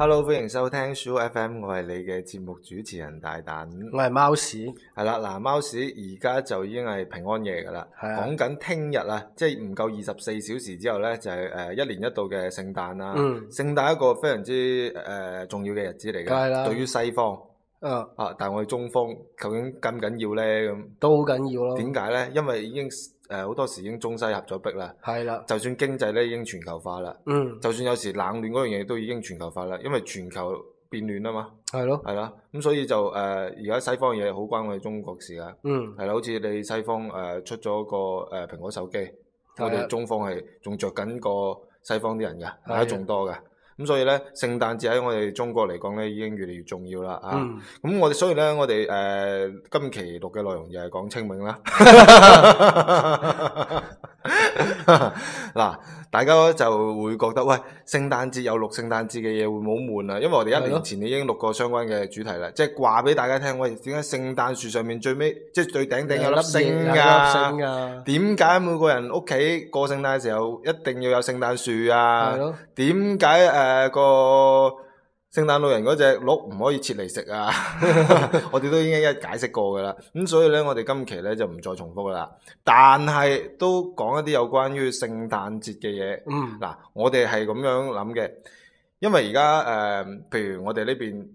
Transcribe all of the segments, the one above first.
Hello，歡迎收聽 soofm，我係你嘅節目主持人大躉，我係貓屎，係啦嗱，貓屎而家就已經係平安夜噶啦，講緊聽日啊，即係唔夠二十四小時之後呢，就係、是、一年一度嘅聖誕啊，嗯、聖誕一個非常之、呃、重要嘅日子嚟嘅，對於西方，嗯、啊但我哋中方究竟咁緊要呢？都好緊要咯，點解呢？因為已經。誒好、呃、多時已經中西合咗壁啦，係啦的，就算經濟咧已經全球化啦，嗯，就算有時冷暖嗰樣嘢都已經全球化啦，因為全球變暖啊嘛，係咯的，係啦，咁所以就誒而家西方嘢好關我哋中國事噶，嗯，係啦，好似你西方誒、呃、出咗個誒、呃、蘋果手機，的我哋中方係仲着緊個西方啲人㗎，買仲的多嘅。咁所以呢，聖誕節喺我哋中國嚟講呢，已經越嚟越重要啦。嗯、啊，咁我哋所以呢，我哋、呃、今期錄嘅內容又係講清明啦。嗱， 大家咧就會覺得，喂，聖誕節有錄聖誕節嘅嘢，會唔會悶啊？因為我哋一年前已經錄過相關嘅主題啦。的即係話俾大家聽，喂，點解聖誕樹上面最尾即係最頂頂有粒星㗎、啊？點解、啊、每個人屋企過聖誕嘅時候一定要有聖誕樹啊？點解誒個聖誕老人嗰隻鹿唔可以切嚟食啊？ 我哋都已經一一解釋過噶啦，咁所以咧，我哋今期咧就唔再重複噶啦。但係都講一啲有關於聖誕節嘅嘢。嗱、嗯，我哋係咁樣諗嘅，因為而家誒，譬如我哋呢邊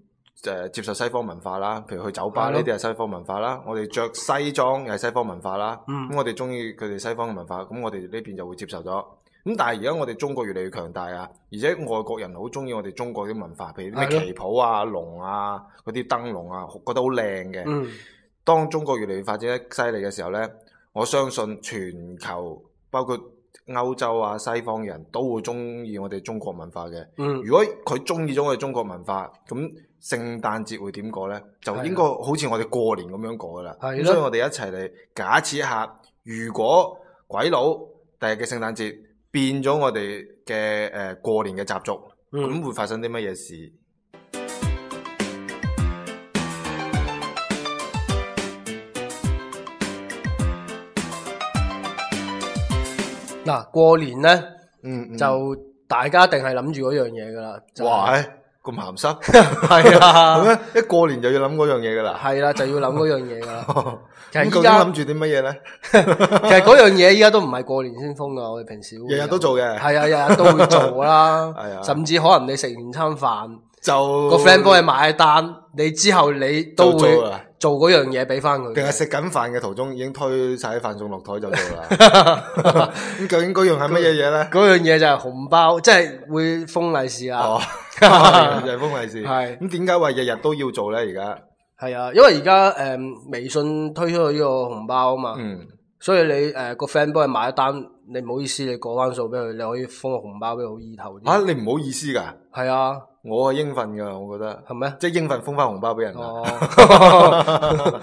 誒接受西方文化啦，譬如去酒吧呢啲係西方文化啦，我哋着西裝又係西方文化啦。嗯，咁我哋中意佢哋西方嘅文化，咁我哋呢邊就會接受咗。咁但係而家我哋中國越嚟越強大啊，而且外國人好中意我哋中國啲文化，譬如咩旗袍啊、龍啊、嗰啲燈籠啊，覺得好靚嘅。嗯，當中國越嚟越發展得犀利嘅時候咧，我相信全球包括歐洲啊、西方人都會中意我哋中國文化嘅。嗯，如果佢中意咗我哋中國文化，咁聖誕節會點過咧？就應該好似我哋過年咁樣過噶啦。係咯。咁所以我哋一齊嚟假設一下，如果鬼佬第日嘅聖誕節。變咗我哋嘅誒過年嘅習俗，咁、嗯、會發生啲乜嘢事？嗱，嗯、過年咧，嗯嗯就大家定係諗住嗰樣嘢㗎啦。就係哇咁鹹濕係啦，咁樣、 啊、 一過年就要諗嗰樣嘢噶啦，係啦、啊，就要諗嗰樣嘢噶啦。而家諗住啲乜嘢咧？其實嗰 樣嘢依家都唔係過年先封噶我哋平時日日都做嘅，係啊，日日都會做啦。係啊，甚至可能你食完餐飯 就個 friend 過去埋單，你之後你都會。做嗰樣嘢俾翻佢，定係食緊飯嘅途中已經推晒啲飯送落台就做啦。咁 究竟嗰樣係乜嘢嘢咧？嗰樣嘢就係紅包，即係會封利是啊。哦，就係封利是。係 是。咁點解話日日都要做咧？而家係啊，因為而家誒微信推出去呢個紅包啊嘛。嗯。所以你誒、呃那個 friend 幫你買一單，你唔好意思，你過翻數俾佢，你可以封個紅包俾佢好意頭啲。吓、啊，你唔好意思噶？係 啊。我係應份㗎，我覺得係咪？嗎即係應份封翻紅包俾人哦，係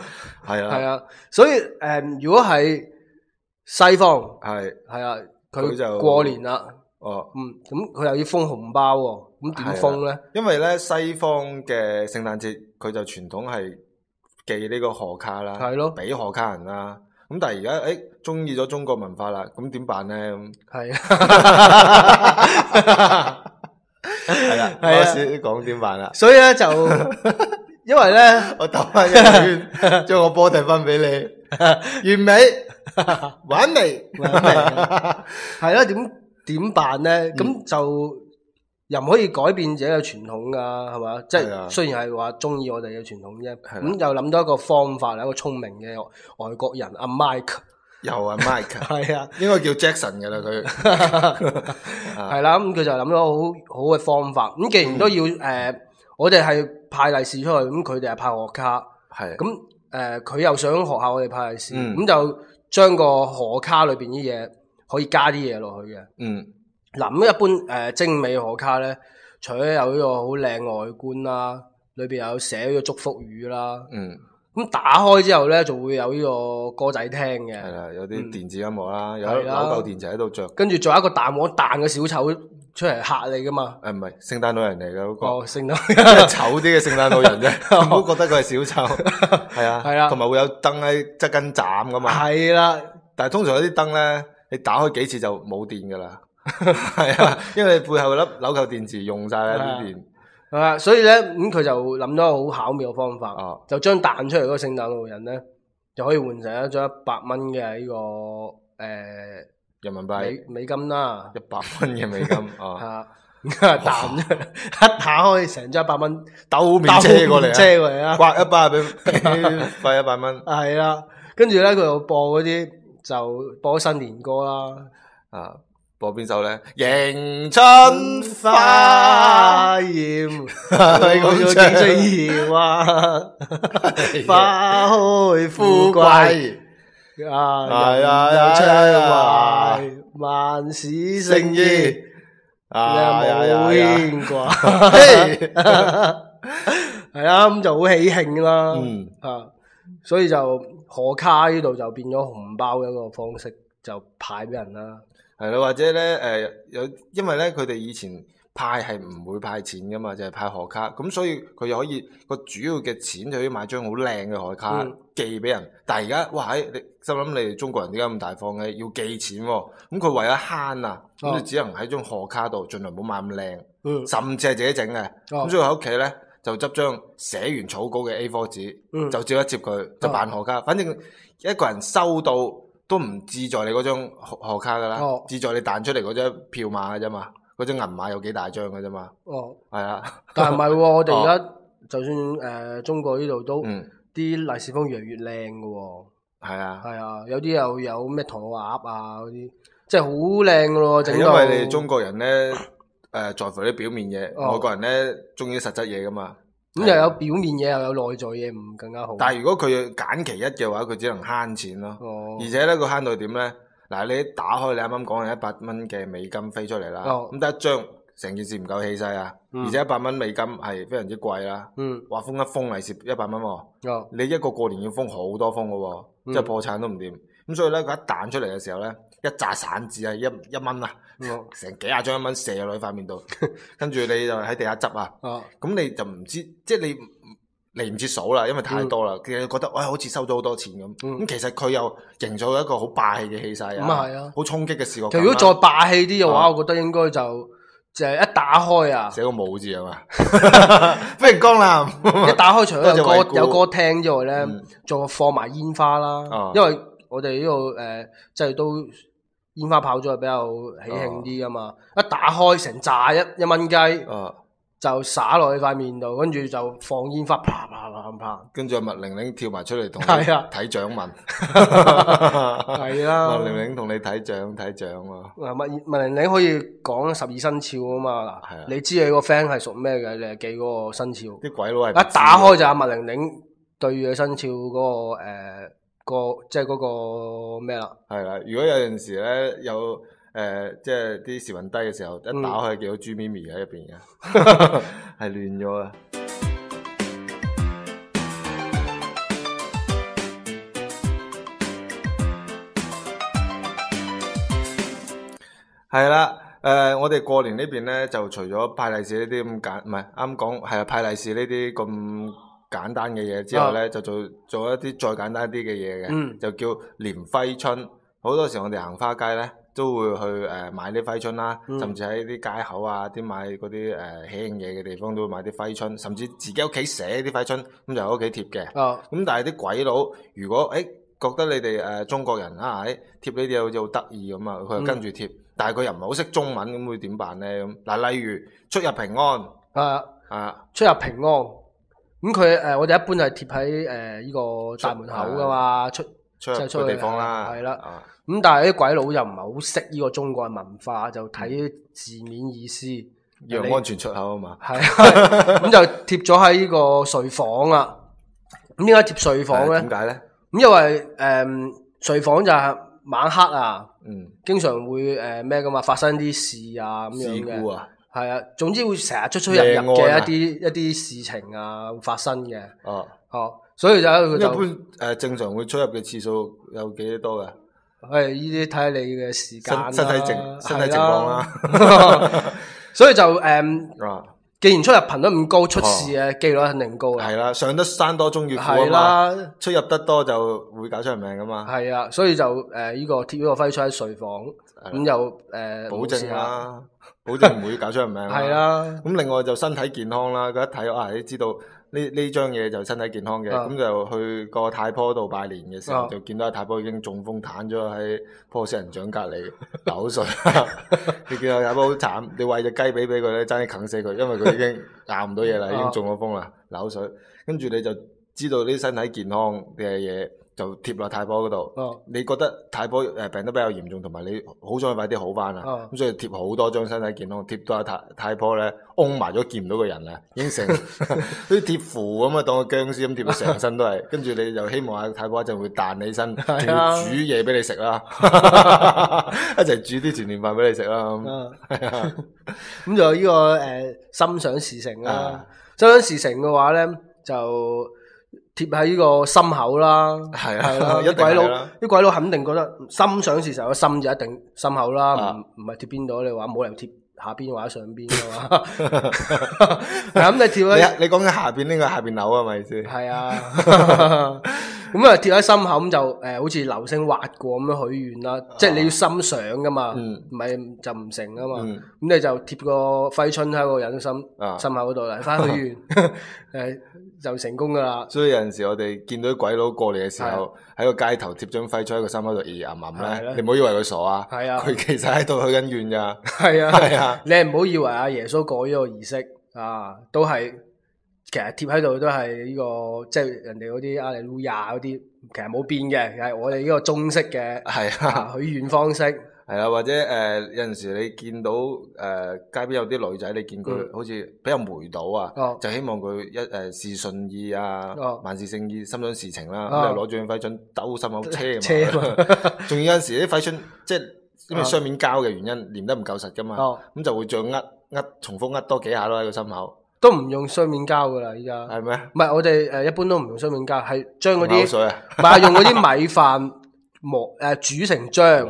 啊 的，係啊，所以誒，如果係西方係係啊，佢就的過年啦。哦，嗯，咁佢又要封紅包喎，咁點封咧？因為咧西方嘅聖誕節佢就傳統係寄呢個賀卡啦，係咯的，俾賀卡人啦。咁但係而家誒中意咗中國文化啦，咁點辦咧？咁係啊。 係啦， 我先講點辦啦。所以咧就，因為咧 我兜翻一圈，將個波遞翻俾你 完，完美，玩 味，完美，係啦。點點辦咧？咁就又唔可以改變自己嘅傳統噶，係嘛？即係的雖然係話中意我哋嘅傳統啫。咁又諗到一個方法，的一個聰明嘅外國人阿 Mike。又啊，Mike 係 啊，應該叫 Jackson 嘅啦，佢係啦，咁佢、啊嗯、就諗到好好嘅方法。咁既然都要，誒、呃，我哋係派利是出去，咁佢哋係派賀卡，係、啊，咁誒、嗯，佢、呃、又想學下我哋派利是，咁、嗯、就將個賀卡裏邊啲嘢可以加啲嘢落去嘅。嗯，嗱，咁一般誒、呃、精美賀卡咧，除咗有呢個好靚外觀啦，裏邊有寫咗祝福語啦，嗯。打開之後呢，就會有呢個歌仔聽嘅。有啲電子音樂啦，有紐扣電池喺度着。跟住仲有一個彈簧彈嘅小丑出嚟吓你噶嘛？誒、啊，唔係，聖誕老人嚟嘅嗰個。哦，聖誕即係醜啲嘅聖誕老人啫。我都、哦、覺得佢係小丑。係啊，係啊的，同埋會有燈喺側跟斬噶嘛。係啦的，但係通常有啲燈呢，你打開幾次就冇電噶啦。係啊，因為背後粒紐扣電池用晒啦啲電。的係啊，所以咧咁佢就諗咗個好巧妙嘅方法，就將彈出嚟嗰個聖誕老人咧，就可以換成一張一百蚊嘅呢個誒人民幣美金啦，一百蚊嘅美金啊，吓彈咗一打開，成張一百蚊斗面車過嚟車過嚟啊，刮一百俾，刮一百蚊，係啦，跟住咧佢又播嗰啲就播新年歌啦，啊。播邊首呢？迎春花艷，講咗迎春花， 花開富貴，啊！有車有馬，萬事勝意，啊！冇牽掛，係、哎、啊！咁、哎、 就好喜慶啦。嗯、啊，所以就賀卡呢度就變咗紅包一個方式，就派俾人啦。或者呢，誒、呃、有，因為呢，佢哋以前派係唔會派錢㗎嘛，就係、是、派賀卡。咁所以佢又可以個主要嘅錢，就可以買張好靚嘅賀卡寄俾人。嗯、但係而家，哇！喺你心諗，你哋中國人點解咁大方要寄錢喎。咁佢為咗慳啊，咁就、啊哦、只能喺張賀卡度盡量冇買咁靚，嗯、甚至係自己整嘅。咁、嗯、所以喺屋企呢，就執張寫完草稿嘅 A4 紙，嗯嗯、就摺一摺佢，就辦賀卡。反正一個人收到，都唔志在你嗰張賀卡噶啦，志、哦、在你彈出嚟嗰張票碼嘅啫嘛，嗰張銀碼有幾大張嘅啫嘛。哦，係啊。但唔係我哋而家就算誒中國呢度都啲利是封越嚟越靚嘅喎。係啊，係啊，有啲又有咩唐老鴨啊嗰啲，即係好靚嘅咯。係的道因為你中國人咧誒、呃、在乎啲表面嘢，外國、哦、人咧中意實質嘢噶嘛。嗯、又有表面嘢，嗯、又有內在嘢，唔更加好。但係如果佢要揀其一嘅話，佢只能慳錢咯。哦、而且咧，個慳到點咧？嗱，你打開你啱啱講嘅一百蚊嘅美金飛出嚟啦。咁得、哦、一張，成件事唔夠氣勢啊！嗯、而且一百蚊美金係非常之貴啦。嗯，話封一封利是一百蚊喎。哦、你一個過年要封好多封嘅喎，即係破產都唔掂。嗯嗯咁所以咧，佢一彈出嚟嘅時候咧，一紮散紙啊，一一蚊啊，成幾廿張一蚊射落喺塊面度，跟住你就喺地下執啊。咁你就唔知，即係你嚟唔切數啦，因為太多啦。其實覺得，哇，好似收咗好多錢咁。咁其實佢又營造一個好霸氣嘅氣勢，咁啊係啊，好衝擊嘅視覺。如果再霸氣啲嘅話，我覺得應該就就係一打開啊，寫個舞字係嘛，不如江南一打開除咗有歌聽之外咧，仲放埋煙花啦，因為。我哋呢度即係都煙花炮竹比較喜慶啲噶嘛，一打開成炸一蚊雞，就撒落你塊面度，跟住就放煙花，啪啪啪啪。跟住麥玲玲跳埋出嚟同你睇掌紋，係啦，麥玲玲同你睇掌。睇掌喎。嗱，麥玲玲可以講十二生肖啊嘛，你知你個 friend 係屬咩嘅？你係記嗰個生肖。啲鬼佬係一打開就阿麥玲玲對住個生肖嗰個即個即係嗰個咩啦？係啦，如果有陣時咧有誒、呃，即係啲時運低嘅時候，嗯、一打開見到豬咪咪喺入邊嘅，係亂咗啊！係啦 了，誒、 呃，我哋過年邊呢邊咧就除咗派利是呢啲咁簡，唔係啱講係啊，派利是呢啲咁。簡單嘅嘢之後咧，的就做做一啲再簡單啲嘅嘢嘅，嗯、就叫年揮春。好多時我哋行花街咧，都會去誒買啲揮春啦，嗯、甚至喺啲街口啊，啲買嗰啲喜慶嘢嘅地方都會買啲揮春，甚至自己屋企寫啲揮春，咁就喺屋企貼嘅。咁、嗯、但係啲鬼佬如果誒、欸、覺得你哋誒、呃、中國人啊，喺貼呢啲好似好得意咁啊，佢、嗯、又跟住貼，但係佢又唔係好識中文，咁會點辦咧？咁嗱，例如出入平安，啊啊，出入平安。啊咁佢誒，我哋一般就係貼喺誒依個大門口噶嘛，出即係出去地方啦，係啦。咁但係啲鬼佬又唔係好識呢個中國嘅文化，就睇字面意思，要安全出口啊嘛。係，咁就貼咗喺呢個睡房啊。咁點解貼睡房咧？點解咧？咁因為誒睡房就係晚黑啊，嗯，經常會誒咩噶嘛，發生啲事啊咁樣嘅。係啊，總之會成日出出入入嘅一啲一啲事情啊，會發生嘅哦，哦，所以就一般誒，正常會出入嘅次數有幾多噶？係呢啲睇下你嘅時間、身體情、身體情況啦。所以就誒，既然出入頻率唔高，出事嘅幾率肯定高啊。係啦，上得山多，終遇虎啊。出入得多就會搞出人命噶嘛。係啊，所以就誒呢個貼呢個徽章喺睡房，咁又誒保證啦。好似唔會搞出人命。咁 的另外就身體健康啦。佢一睇啊，你知道呢呢張嘢就係身體健康嘅。咁 就去個太婆度拜年嘅時候， 就見到太婆已經中風癱咗喺破石人掌隔離扭水 你看。你見到太婆好慘，你餵隻雞髀俾佢咧，爭啲啃死佢，因為佢已經咬唔到嘢啦， 已經中咗風啦，扭水。跟住你就知道啲身體健康嘅嘢。就貼落太婆嗰度，哦、你覺得太婆誒病得比較嚴重，同埋你好想快啲好翻啊，咁、哦、所以貼好多張身體健康，貼到阿太太婆咧，嗡埋咗見唔到個人啊，變成好似貼符咁啊，當薑個僵屍咁貼到成身都係，跟住 你就希望阿太婆一陣會彈起身，啊、要煮嘢俾你食啦， 一齊煮啲團年飯俾你食啦，係咁就呢個誒、呃、心想事成啊， 心想事成嘅話咧就。貼喺呢個心口啦，係啊，啲鬼佬，啲鬼佬肯定覺得心想事成，心就一定心口啦，唔唔係貼邊度？你話冇理由貼下邊或者上邊噶嘛？咁你貼喺。你你講緊下邊呢個下邊樓係咪先？係 啊，咁啊貼喺心口咁就誒、呃，好似流星滑過咁樣許願啦，即係你要心想噶嘛，唔係、啊嗯、就唔成噶嘛。咁、嗯、你、嗯嗯、就貼個揮春喺個人心心，心口嗰度嚟，翻許願誒。 嗯哎就成功㗎喇！所以有陣時我哋見到鬼佬過嚟嘅時候，喺、啊、個街頭貼張廢紙喺個心口度，咿、呃、咿、呃、啊啊你唔好以為佢傻啊！佢、啊、其實喺度許緊願㗎。係啊！係啊！啊你唔好以為阿耶穌過呢個儀式啊，都係其實貼喺度都係呢、這個即係、就是、人哋嗰啲阿里路亞嗰啲，其實冇變嘅，係、就是、我哋呢個中式嘅係啊許願、啊、方式。或者有陣時你見到街邊有啲女仔，你見佢好似比較霉倒啊，就希望佢一事順意啊，萬事勝意，心想事成啦，咁就攞徽章出抖心口車嘛。仲有陣時啲徽章，即係因為雙面膠嘅原因黏得唔夠實㗎嘛，咁就會再壓壓重複壓多幾下咯喺個心口。都唔用雙面膠㗎喇，依家係咩？唔係我哋一般都唔用雙面膠，係將嗰啲唔係用嗰啲米飯。毛誒，煮成漿，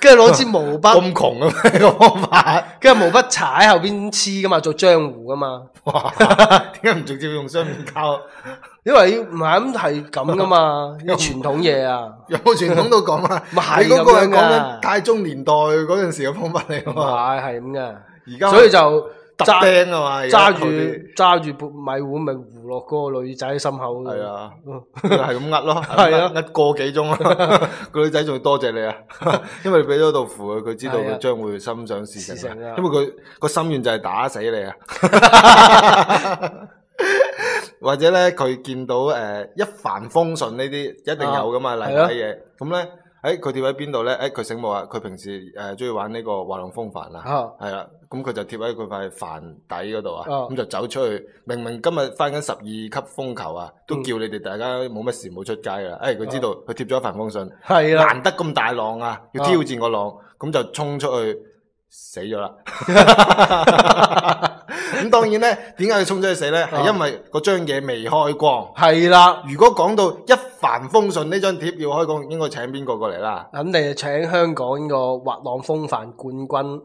跟住攞支毛筆，咁窮啊咩？跟住毛筆踩喺後邊黐噶嘛，做漿糊噶嘛。哇，點解唔直接用雙面膠？ 因為唔係咁係咁噶嘛，要傳統嘢啊。有冇傳統都講啊，唔係嗰 是個係講緊太宗年代嗰陣時嘅方法嚟啊嘛，係係咁噶。而家所以就。揸釘啊嘛，揸住揸住砵米碗咪胡落嗰個女仔心口度，係啊，係咁呃咯，係啊，呃個 幾鐘啊，個 女仔仲要多謝，謝你啊，因為畀咗道符，佢，佢知道佢將會心想事，、啊、事成啊，因為佢個心願就係打死你啊， 或者咧佢見到誒一帆風順呢啲一定有噶嘛，啊、例牌嘢，咁咧、啊。 誒，佢貼喺邊度咧？誒，佢、哎、醒目啊！佢平時誒，中、呃、意玩呢個滑浪風帆啦，係啦、啊，咁佢就貼喺佢塊帆底嗰度啊，咁就走出去。明明今日翻緊十二級風球啊，都叫你哋大家冇乜事冇出街啦。誒、哎，佢知道佢貼咗一帆風順，啊、難得咁大浪啊，要挑戰個浪，咁、啊、就衝出去死咗啦。嗯 咁 當然咧，點解佢衝出去死咧？係因為個張嘢未開光。係啦的，如果講到一帆風順呢張貼要開光，應該請邊個過嚟啦？肯定係請香港呢個滑浪風帆冠軍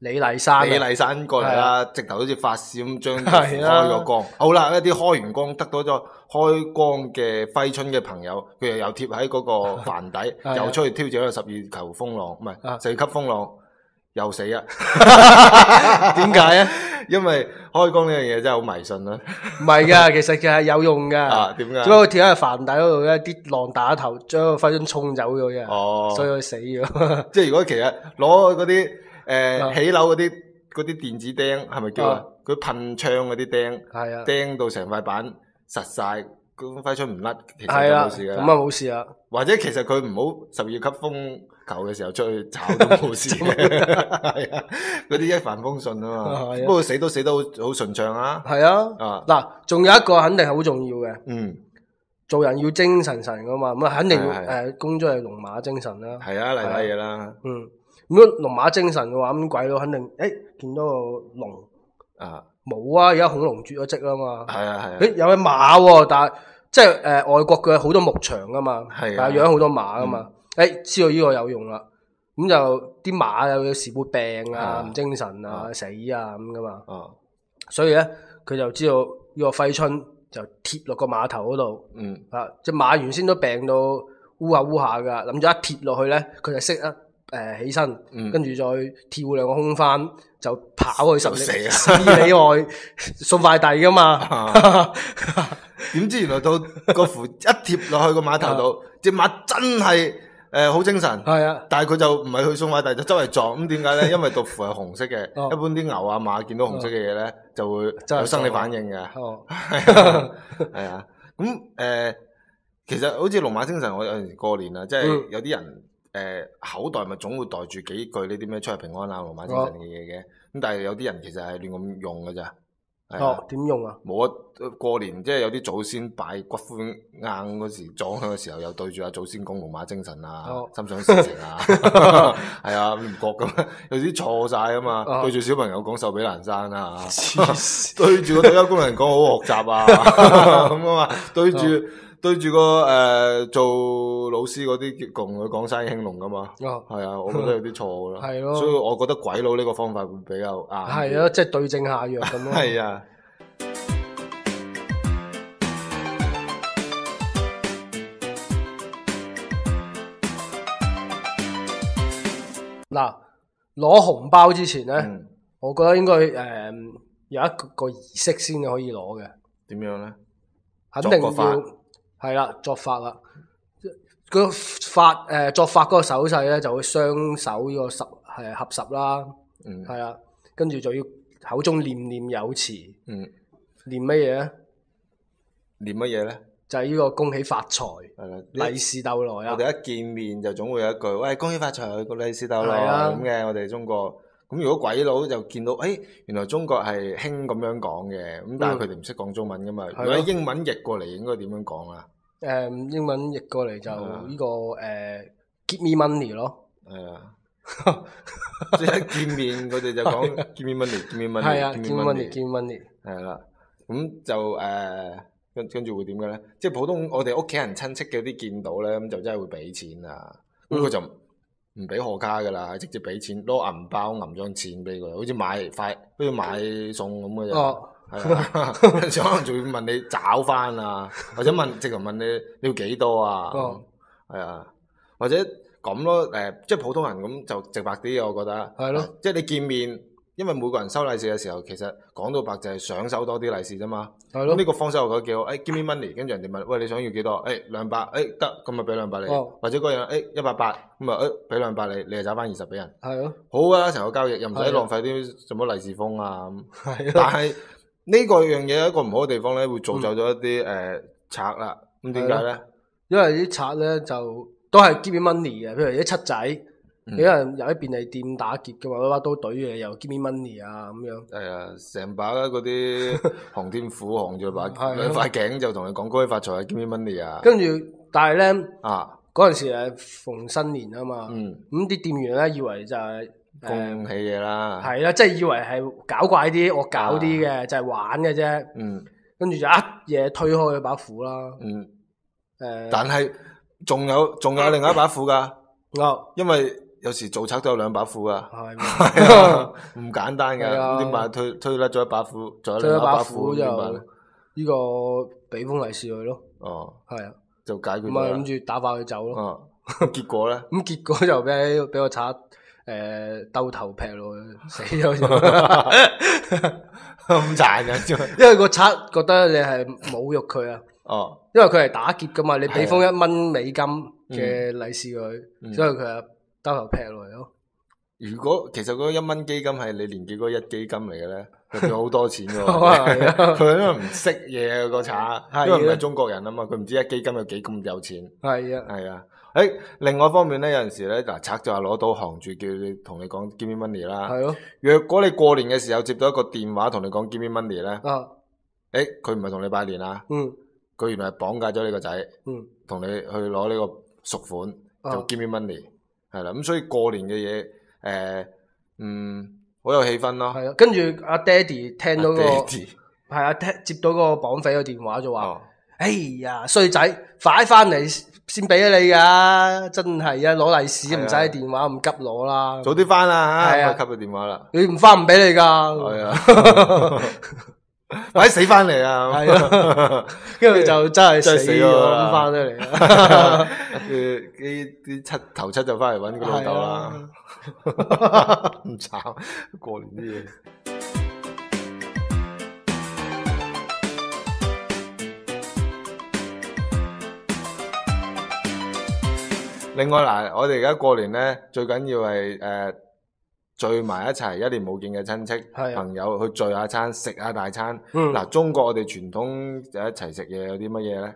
李麗珊。李麗珊過嚟啦，的直頭好似發燒咁將張開咗光。的好啦，一啲開完光得到咗開光嘅揮春嘅朋友，佢又有貼喺嗰個帆底，的的又出去挑戰十二級風浪，唔係四級風浪。又死啊！點解咧？因為開光呢樣嘢真係好迷信啦。唔係噶，其實佢係有用噶。點解？因為而家喺帆底嗰度咧，啲浪打頭，將個花樽沖走咗嘅。哦，所以佢死咗。即係如果其實攞嗰啲起樓嗰啲嗰啲電子釘，係咪叫佢噴槍嗰啲釘？啊，釘到成塊板實曬，咁花樽唔甩，其實都冇事嘅。咁啊，冇事啊。或者其實佢唔好十二級風。球嘅時候出去炒都冇事，係啊，嗰啲一帆風順啊嘛，不過死都死得好好順暢啊。係啊，啊嗱，仲有一個肯定係好重要嘅，嗯，做人要精神神噶嘛，咁啊肯定要誒，工作係龍馬精神啦。係啊，嚟睇嘢啦。嗯，如果龍馬精神嘅話，咁鬼佬肯定，誒，見到個龍啊，冇啊，而家恐龍絕咗跡啊嘛。係啊係。誒，有隻馬，但係即係誒，外國嘅好多牧場噶嘛，係啊，養好多馬噶嘛。誒、哎，知道呢個有用啦，咁就啲馬有時會病啊、唔、嗯、精神啊、嗯嗯、死啊咁噶嘛。嗯、所以咧，佢就知道呢個揮春就貼落個馬頭嗰度。啊、嗯，隻馬原先都病到烏下烏下噶，諗住一貼落去咧，佢就識啊，誒、嗯，起身，跟住再跳兩個空翻就跑去十四里外送快遞噶嘛。點知原來到個符一貼落去個馬頭度，隻馬真係～誒，好、呃、精神，啊、但係佢就唔係去送花，但就周圍撞，咁點解咧？因為毒符係紅色嘅，哦、一般啲牛啊馬見到紅色嘅嘢咧，哦、就會有生理反應嘅。哦，係 啊，係啊，咁、嗯、誒、呃，其實好似龍馬精神，我有陣時過年啊，即、就、係、是、有啲人誒、呃，口袋咪總會袋住幾句呢啲咩出入平安啦、龍馬精神嘅嘢嘅，咁、哦、但係有啲人其實係亂咁用嘅咋。啊、哦，點用啊？冇啊！過年即係有啲祖先擺骨灰硬嗰時，撞響嘅時候又對住阿祖先講龍馬精神啊，哦、心想事成啊，係 啊，唔覺噶嘛，有啲錯晒啊嘛，啊對住小朋友講壽比南山啊， 對住個退休工人講好好學習啊，咁啊嘛，對住，對住個誒、呃、做老師嗰啲，結局，佢講生意興隆噶嘛，係、哦、啊，我覺得有啲錯噶啦， 啊、所以我覺得鬼佬呢個方法會比較啱。係、嗯、 啊，即係對症下藥咁咯。係啊。嗱，攞紅包之前咧，嗯、我覺得應該誒、嗯、有一個儀式先可以攞嘅。點樣咧？法肯定要。係啦，作法啦，個法誒作法嗰個手勢咧，就會雙手呢個十係合十啦，係啦、嗯，跟住就要口中念念有詞，嗯、念乜嘢？念乜嘢咧？就係呢個恭喜發財，利是逗來啊！我哋一見面就總會有一句，喂、欸，恭喜發財，個利是逗來啦咁嘅。我哋中國咁，如果鬼佬就見到，哎、欸，原來中國係興咁樣講嘅，咁但係佢哋唔識講中文噶嘛？嗯、如果英文譯過嚟，應該點樣講啊？誒、uh, 英文譯過嚟就呢、這個誒、uh, give me money 咯，係啊，即一見面佢哋就講 give me money，give me money，give me money，係啦 money,，咁就誒、uh, 跟跟住會點嘅咧？即係普通我哋屋企人親戚嘅啲見到咧，咁就真係會俾錢啊，咁佢就唔俾賀卡噶啦，直接俾錢攞銀包揞張錢俾佢，好似買快好似買餸咁嘅。係可能仲要問你找翻啊，或者問直頭問你，你要幾多啊？係啊，或者咁咯，誒，即係普通人咁就直白啲嘅，我覺得係咯是的、嗯。即係你見面，因為每個人收利是嘅時候，其實講到白就係、是、想收多啲利是啫嘛。係咯是的、嗯。呢、這個方式我覺得幾好。誒、哎、，give me money，跟住人哋問，喂，你想要幾多？誒、哎，兩百、哎，誒，得，咁咪俾兩百你。哦、或者嗰人，誒、哎，一百八，咁啊，誒，俾兩百你，你又找翻二十俾人。係咯。好啊，成個交易又唔使浪費啲做乜利是風的 啊咁。係是的 但係。呢個樣嘢一個唔好嘅地方咧，會造就咗一啲誒賊啦。咁點解咧？為呢因為啲賊咧就都係 give money 嘅，譬如一七仔，嗯、有人入喺便利店打劫嘅話，攞把刀懟嘅，又 give money 啊咁樣。係啊、哎，成把嗰啲紅天虎紅住 把，兩塊頸就同你講恭喜發財，give money 啊。跟住，但係咧，啊，嗰陣時誒逢新年啊嘛，咁啲店員咧以為就係。恭喜嘢啦，係啦，即係以為係搞怪啲、惡搞啲嘅，就係玩嘅啫。嗯，跟住就一嘢推開嗰把斧啦。嗯，誒，但係仲有仲有另外一把斧噶，嗱，因為有時做賊都有兩把斧噶，係啊，唔簡單噶。咁點解推推甩咗一把斧，仲有一把斧就呢個俾封利是佢咯。哦，係啊，就解決唔係諗住打發佢走咯。嗯，結果咧？咁結果就俾俾個賊。誒，兜頭劈落去，死咗，咁賺嘅，因為個賊覺得你係侮辱佢啊。哦，因為佢係打劫噶嘛，你畀封一蚊美金嘅利是佢，所以佢啊兜頭劈落去咯。如果其實嗰一蚊基金係你連幾嗰一基金嚟嘅咧，佢好多錢嘅。佢都唔識嘢個賊，因為唔係中國人啊嘛，佢唔知一基金有幾咁有錢。係啊、 嗯，係啊。誒，另外一方面咧，有陣時咧，嗱，賊就話攞到行住，叫你同你講 give me money 啦的。係咯。若果你過年嘅時候接到一個電話，同你講 give me money 咧、啊，誒、欸，佢唔係同你拜年啊，佢、嗯、原來係綁架咗你個仔，同、嗯、你去攞呢個贖款，就 give me money，係啦、啊。咁所以過年嘅嘢，誒、呃，嗯，好有氣氛咯。係啊,、那個、啊。跟住阿爹哋聽到個，係啊，聽接到個綁匪嘅電話就話，嗯、哎呀，衰仔，快翻嚟！先俾咗你噶，真係啊，攞利是唔、啊、使電話唔急攞啦，早啲翻啦，係啊，扱咗電話啦，你唔翻唔俾你噶，係啊，快死翻嚟啊，係 啊，跟住就真係死咗啦，翻咗嚟啦，誒，啲 啲 七頭七就翻嚟搵個老豆啦，唔、啊、 慘，過年啲嘢。另外嗱，我哋而家過年咧，最緊要係誒聚埋一齊，一年冇見嘅親戚朋友去聚下餐，食下大餐。嗱，中國我哋傳統就一齊食嘢有啲乜嘢咧？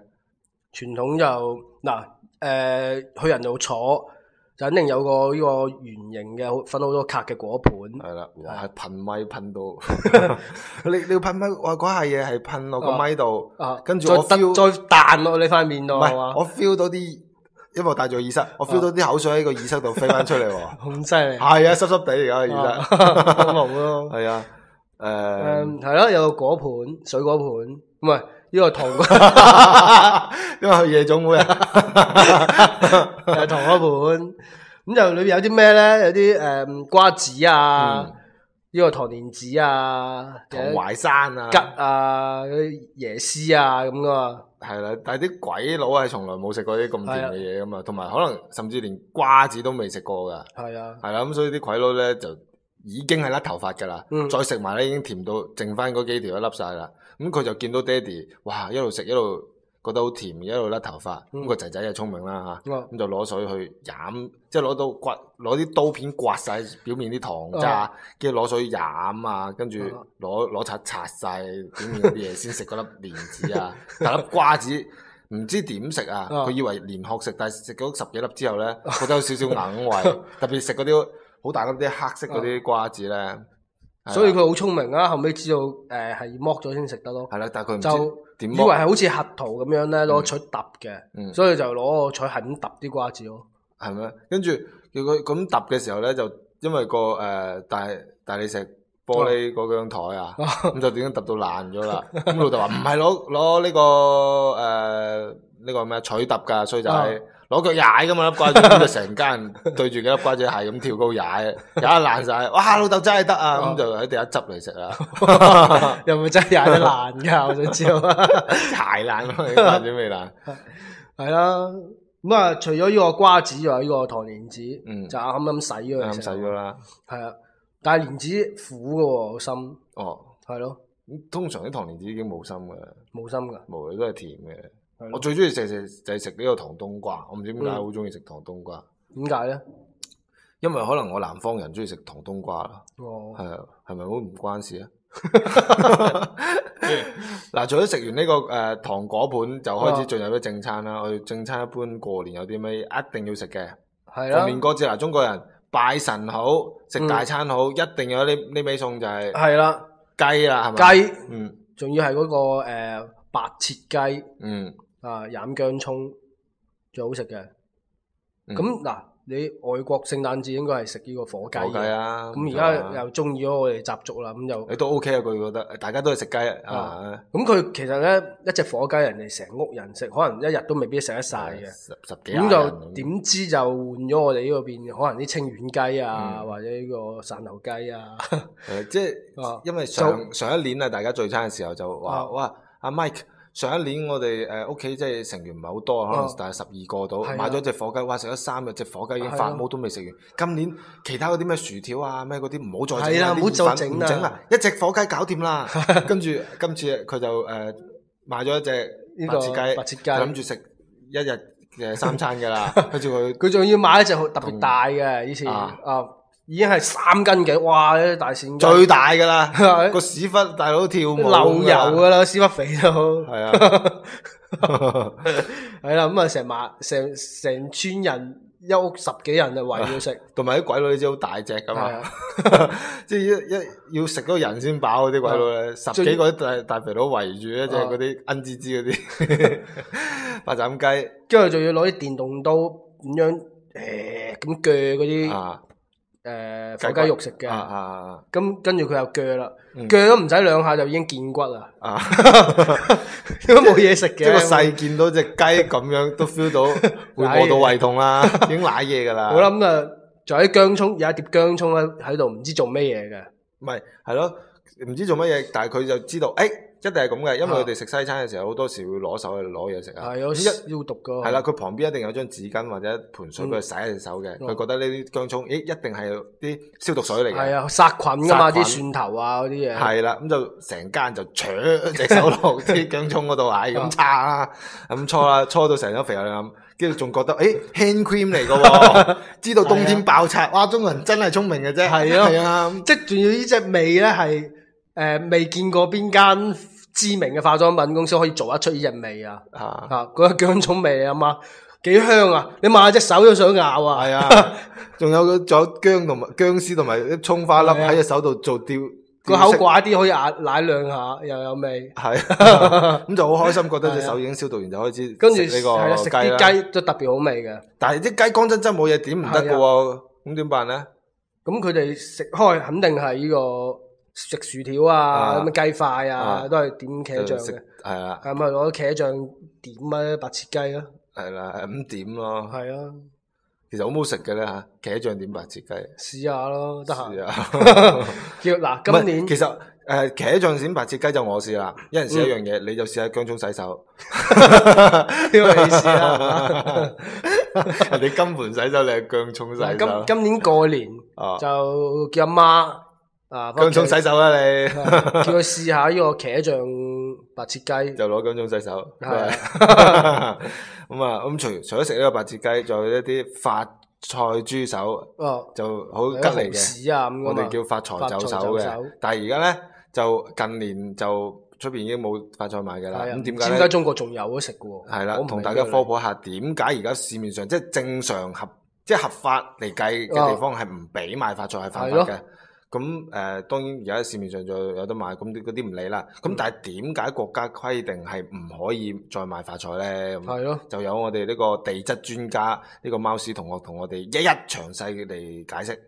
傳統就嗱誒，去人度坐就肯定有個呢個圓形嘅分好多卡嘅果盤。係啦，係噴咪噴到，你你噴咪？我嗰下嘢係噴落個咪度，跟住我再再彈落你塊面度，我 feel 到啲。因為我戴住個耳塞，我 feel 到啲口水喺個耳塞度飛翻出嚟，好犀利，係啊，濕濕地嚟噶耳塞，冇咯，係啊， 誒，係咯，有果盤，水果盤，唔係呢個糖，呢個 夜總會啊，係糖果盤，咁就裏面有啲咩呢？有啲、嗯、瓜子啊，呢、嗯、個糖蓮子啊，糖淮還有 山啊，桔啊，嗰啲椰絲啊咁噶。係啦，但係啲鬼佬係從來冇食過啲咁甜嘅嘢噶嘛，同埋是的 可能甚至連瓜子都未食過噶，係啊是的，係啦，咁所以啲鬼佬咧就已經係甩頭髮噶啦，嗯、再食埋咧已經甜到剩翻嗰幾條一粒晒啦，咁、嗯、佢就見到爹哋，哇，一路食一路。個都甜，一路甩頭髮，咁個仔仔就聰明啦吓，咁就攞水去染，即係攞到刮，攞啲刀片刮晒表面啲糖渣，跟住攞水染啊，跟住攞攞刷刷晒表面啲嘢，先食嗰粒蓮子啊，但粒瓜子唔知點食啊，佢以為連殼食，但係食咗十幾粒之後咧，覺得有少少硬胃，特別食嗰啲好大粒啲黑色嗰啲瓜子咧，所以佢好聰明啊，後尾知道誒係剝咗先食得咯，係啦，但係佢唔知。以為係好似核桃咁樣咧，攞鎚揼嘅，嗯嗯、所以就攞個鎚係咁揼啲瓜子咯、哦。係咩？跟住叫佢咁揼嘅時候咧，就因為、個誒、呃、大大理石玻璃嗰張台啊，咁、嗯、就點樣揼到爛咗啦？咁 老豆話唔係攞攞呢個誒呢、呃呢個咩鎚揼㗎，所以就、是。嗯攞腳踩噶嘛，粒瓜子就成間對住幾粒瓜子係咁跳高踩，踩爛晒。哇，老豆真係得啊，咁就喺地下執嚟食啊。有冇真踩得爛噶？我想知啊。鞋爛咯，瓜子未爛。係咯，咁啊，除咗呢個瓜子，仲有呢個糖蓮子，就啱啱洗咗。咁洗咗啦。係啊，但係蓮子苦噶，好深。哦，係咯。通常啲糖蓮子已經冇心噶。冇心噶。冇，都係甜嘅。我最中意食食就係食呢個糖冬瓜，我唔知點解好中意食糖冬瓜。點解咧？因為可能我南方人中意食糖冬瓜啦。係啊，係咪好唔關事啊？嗱，除咗食完呢個誒糖果盤，就開始進入咗正餐啦。我哋正餐一般過年有啲咩一定要食嘅？係咯。年過節嗱，中國人拜神好，食大餐好，一定有呢呢味餸就係係啦，雞啦，係咪？雞，嗯，仲要係嗰個誒白切雞，嗯。啊！染薑葱最好食嘅，咁嗱、嗯，你外國聖誕節應該係食呢個火雞，咁而家又中意咗我哋習俗啦，咁又，你都 OK 啊？佢覺得大家都係食雞啊，咁佢、嗯、吧其實咧一隻火雞，人哋成屋人食，可能一日都未必食得晒嘅，咁就點知就換咗我哋呢個邊，可能啲清遠雞啊，嗯、或者呢個汕頭雞啊，嗯、 即係因為上就上一年啊，大家聚餐嘅時候就話哇，阿、啊、Mike。上一年我哋誒屋企即係成員唔係好多，可能大概十二個度。買咗隻火雞，哇！食咗三日，隻火雞已經發毛都未食完。今年其他嗰啲咩薯條啊咩嗰啲唔好再整啦，唔好再整啦，一隻火雞搞掂啦。跟住今次佢就誒買咗一隻白切雞，白切雞諗住食一日誒三餐噶啦。佢仲佢仲要買一隻好特別大嘅，以前啊。已經係三斤幾，哇！啲大扇雞最大噶啦，個屎忽大佬跳舞，流油噶啦，屎忽肥到係啊，係啦，咁啊，成晚，成成村人一屋十幾人就圍住食，同埋啲鬼佬啲好大隻噶嘛，即係一一要食嗰個人先飽嗰啲鬼佬咧，十幾個大大肥佬圍住咧，即係嗰啲恩滋滋嗰啲白斬雞，之後仲要攞啲電動刀咁樣誒咁鋸嗰啲。誒，火、嗯、雞肉食嘅，咁、啊、跟住佢又鋸啦，鋸都唔使兩下就已經見骨啦。如果冇嘢食嘅，細見 到隻雞咁樣都 feel 到會餓到胃痛啦，乖已經瀨嘢噶啦。好啦，咁啊，仲有啲姜葱，有一碟姜葱咧喺度，唔知做咩嘢嘅，唔係，係咯，唔知做乜嘢，但係佢就知道，誒、哎。一定係咁嘅，因為佢哋食西餐嘅時候，好多時會攞手去攞嘢食啊。係有要要毒嘅。係啦，佢旁邊一定有張紙巾或者一盤水俾佢洗隻手嘅。佢覺得呢啲薑蔥，咦，一定係啲消毒水嚟嘅。係啊，殺菌㗎嘛，啲蒜頭啊嗰啲嘢。係啦，咁就成間就搶隻手落啲薑蔥嗰度，係咁擦啦，咁搓搓到成身肥油油，跟住仲覺得，誒，hand cream 嚟㗎，知道冬天爆拆。哇，中國人真係聰明嘅啫。係咯，係啊，即仲要呢隻味咧係。誒，未見過邊間知名嘅化妝品公司可以做得出呢隻味啊！啊，嗰、嗰個薑蔥味啊嘛，幾香啊！你抹隻手都想咬啊！係啊，仲有仲有薑同薑絲同埋啲蔥花粒喺隻手度做雕，個口寡啲可以壓奶兩下，又有味。係咁、啊、就好開心，啊、覺得隻手已經消毒完，啊、就開始跟住你個食啲雞都特別好味嘅。但係啲雞乾真真冇嘢點唔得嘅喎，咁點、啊、辦咧？咁佢哋食開肯定係呢、這個。食薯條啊，咁嘅雞塊啊，都係點茄醬食？係啊，咁去攞茄醬點啊白切雞咯，係啦，咁點咯，係啊，其實好唔好食嘅咧吓？茄醬點白切雞，試下咯，得閒。叫嗱，今年其實誒，茄醬點白切雞就我試啦，一人試一樣嘢，你就試下薑蔥洗手，點樣意思啊？你金盆洗手，你係薑蔥洗手。今今年過年就叫阿媽。啊，薑葱洗手啦你，叫佢試下呢個茄醬白切雞，就攞薑葱洗手。咁啊，咁除除咗食呢個白切雞，仲有一啲發菜豬手，就好吉利嘅。我哋叫發財就手嘅。但係而家咧，就近年就出邊已經冇發菜賣嘅啦。咁點解？點解中國仲有得食嘅？係啦，同大家科普下，點解而家市面上即係正常合，即係合法嚟計嘅地方係唔俾賣發菜，係犯法嘅。咁誒、呃、當然而家市面上就有得賣，咁啲嗰啲唔理啦。咁但係點解國家規定係唔可以再賣發財咧？係咯，就有我哋呢個地質專家呢、呢個貓屎同學同我哋一一詳細嚟解釋。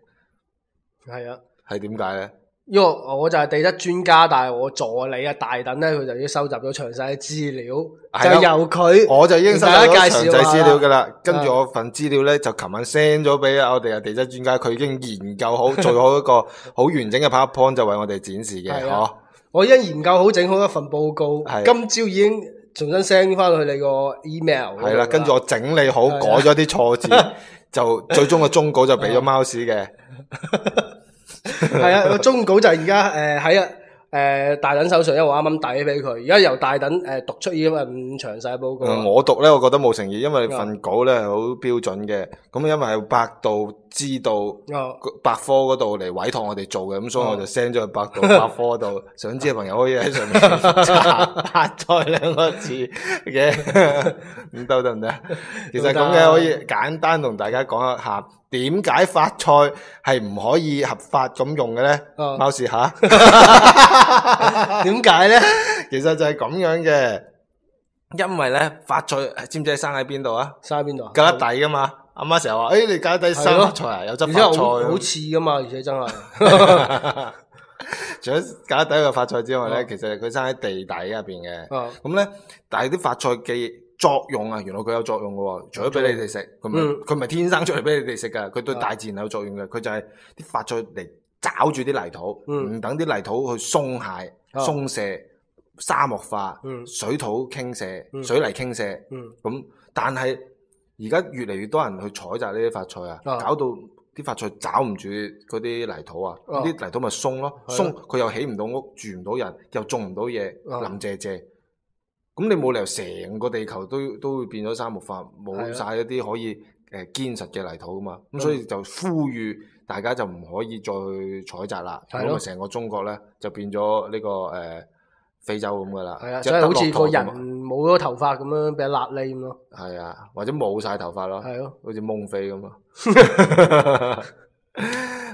係啊，係點解咧？因為我就係地質專家，但係我助理啊大等咧，佢就已經收集咗詳細嘅資料，就由佢，我就已經收集咗詳細資料噶啦。跟住我份資料咧，就琴晚 send 咗俾啊我哋啊地質專家，佢已經研究好，做好一個好完整嘅 PowerPoint，就為我哋展示嘅嗬。我已經研究好，整好一份報告，今朝已經重新 send 翻佢哋個 email。係啦，跟住我整理好，改咗啲錯字，就最終嘅終稿就俾咗貓屎嘅。係啊，個終 稿就係而家誒喺啊誒大等手上，因為我啱啱遞俾佢，而家由大等誒、呃、讀出呢份咁詳細嘅報告。我讀咧，我覺得冇誠意，因為你份稿咧好標準嘅，咁因為百度。知道百科嗰度嚟委託我哋做嘅，咁所以我就 send 咗去百度百科度，想知嘅朋友可以喺上面查髮菜兩個字嘅。唔得唔得？其實咁嘅可以簡單同大家講一下，點解髮菜係唔可以合法咁用嘅咧？貓史下，點解咧？其實就係咁樣嘅，因為咧髮菜，知唔知生喺邊度啊？生喺邊度？隔吉底㗎嘛。阿媽成日話，誒，你搞低生發菜啊，有執發菜。因為好似噶嘛，而且真係。除咗搞低個發菜之外咧，其實佢生喺地底入邊嘅。咁咧，但係啲發菜嘅作用啊，原來佢有作用噶。除咗俾你哋食，佢唔佢唔係天生出嚟俾你哋食噶，佢對大自然有作用嘅。佢就係啲發菜嚟抓住啲泥土，唔等啲泥土去鬆懈、鬆瀉、沙漠化、水土傾瀉、水泥傾瀉。咁但係。而家越嚟越多人去採摘呢啲發菜啊，搞到啲發菜找唔住嗰啲泥土啊，啲泥土咪鬆咯，鬆佢又起唔到屋，住唔到人，又種唔到嘢，腍淨淨。咁你冇理由成個地球都都會變咗沙漠化，冇晒一啲可以誒堅實嘅泥土啊嘛。咁所以就呼籲大家就唔可以再去採摘啦。咁啊，成個中國咧就變咗呢個誒。非洲咁噶啦。係啊，即係好似個人冇咗頭髮咁樣，俾人瘌痢咁咯。係啊，或者冇晒頭髮咯。係咯，好似蒙匪咁啊。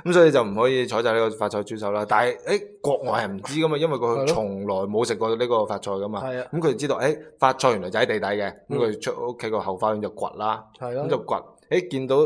咁所以就唔可以採摘呢個發菜豬手啦。但係，誒，國外係唔知噶嘛，因為佢從來冇食過呢個發菜噶嘛。係啊。咁佢就知道，誒，發菜原來就喺地底嘅。咁佢出屋企個後花園就掘啦。係咯。咁就掘，誒，見到，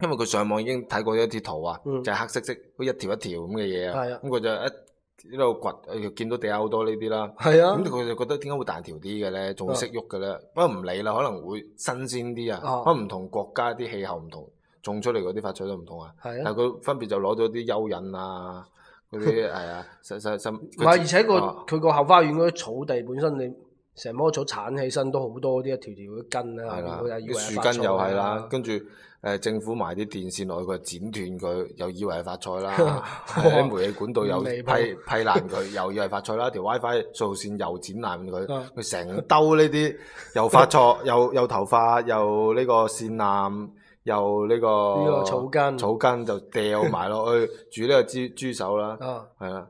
因為佢上網已經睇過一啲圖啊，就係黑色色，好似一條一條咁嘅嘢啊。係啊。咁佢就一。喺度掘，又見到地下好多呢啲啦。係啊，咁佢、嗯、就覺得點解會大條啲嘅咧？仲識喐嘅咧，不過唔理啦，可能會新鮮啲啊。可能唔同國家啲氣候唔同，種出嚟嗰啲花草都唔同啊。係啊，但係佢分別就攞咗啲蚯蚓啊，嗰啲係啊，實實實。唔係，而且、那個佢個、哦、後花園嗰啲草地本身，你成棵草剷起身都好多啲一條條嘅根啊，係啦、啊，樹根又係啦，跟住。誒，政府埋啲電線落去佢剪斷佢，又以為係發菜啦；喺煤氣管道又批批爛佢，又以為發菜啦；條 WiFi 數線又剪爛佢，佢成兜呢啲又發錯，又又頭髮，又呢個線纜，又呢個草根，草根就掉埋落去煮呢個豬豬手啦。係啦，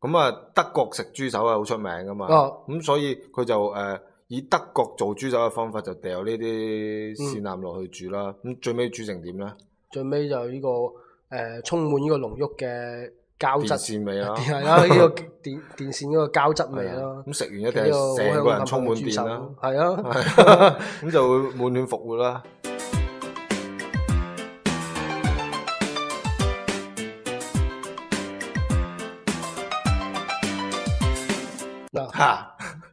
咁啊德國食豬手係好出名噶嘛。咁所以佢就誒。以德國做豬手嘅方法就掉呢啲線纜落去煮啦，咁最尾煮成點咧？最尾就呢個誒充滿呢個濃郁嘅膠質線味啊！係啊，呢個電電線嗰個膠質味咯。咁食完一定係成個人，充滿電啦！係啊，咁就會滿血復活啦。嚇！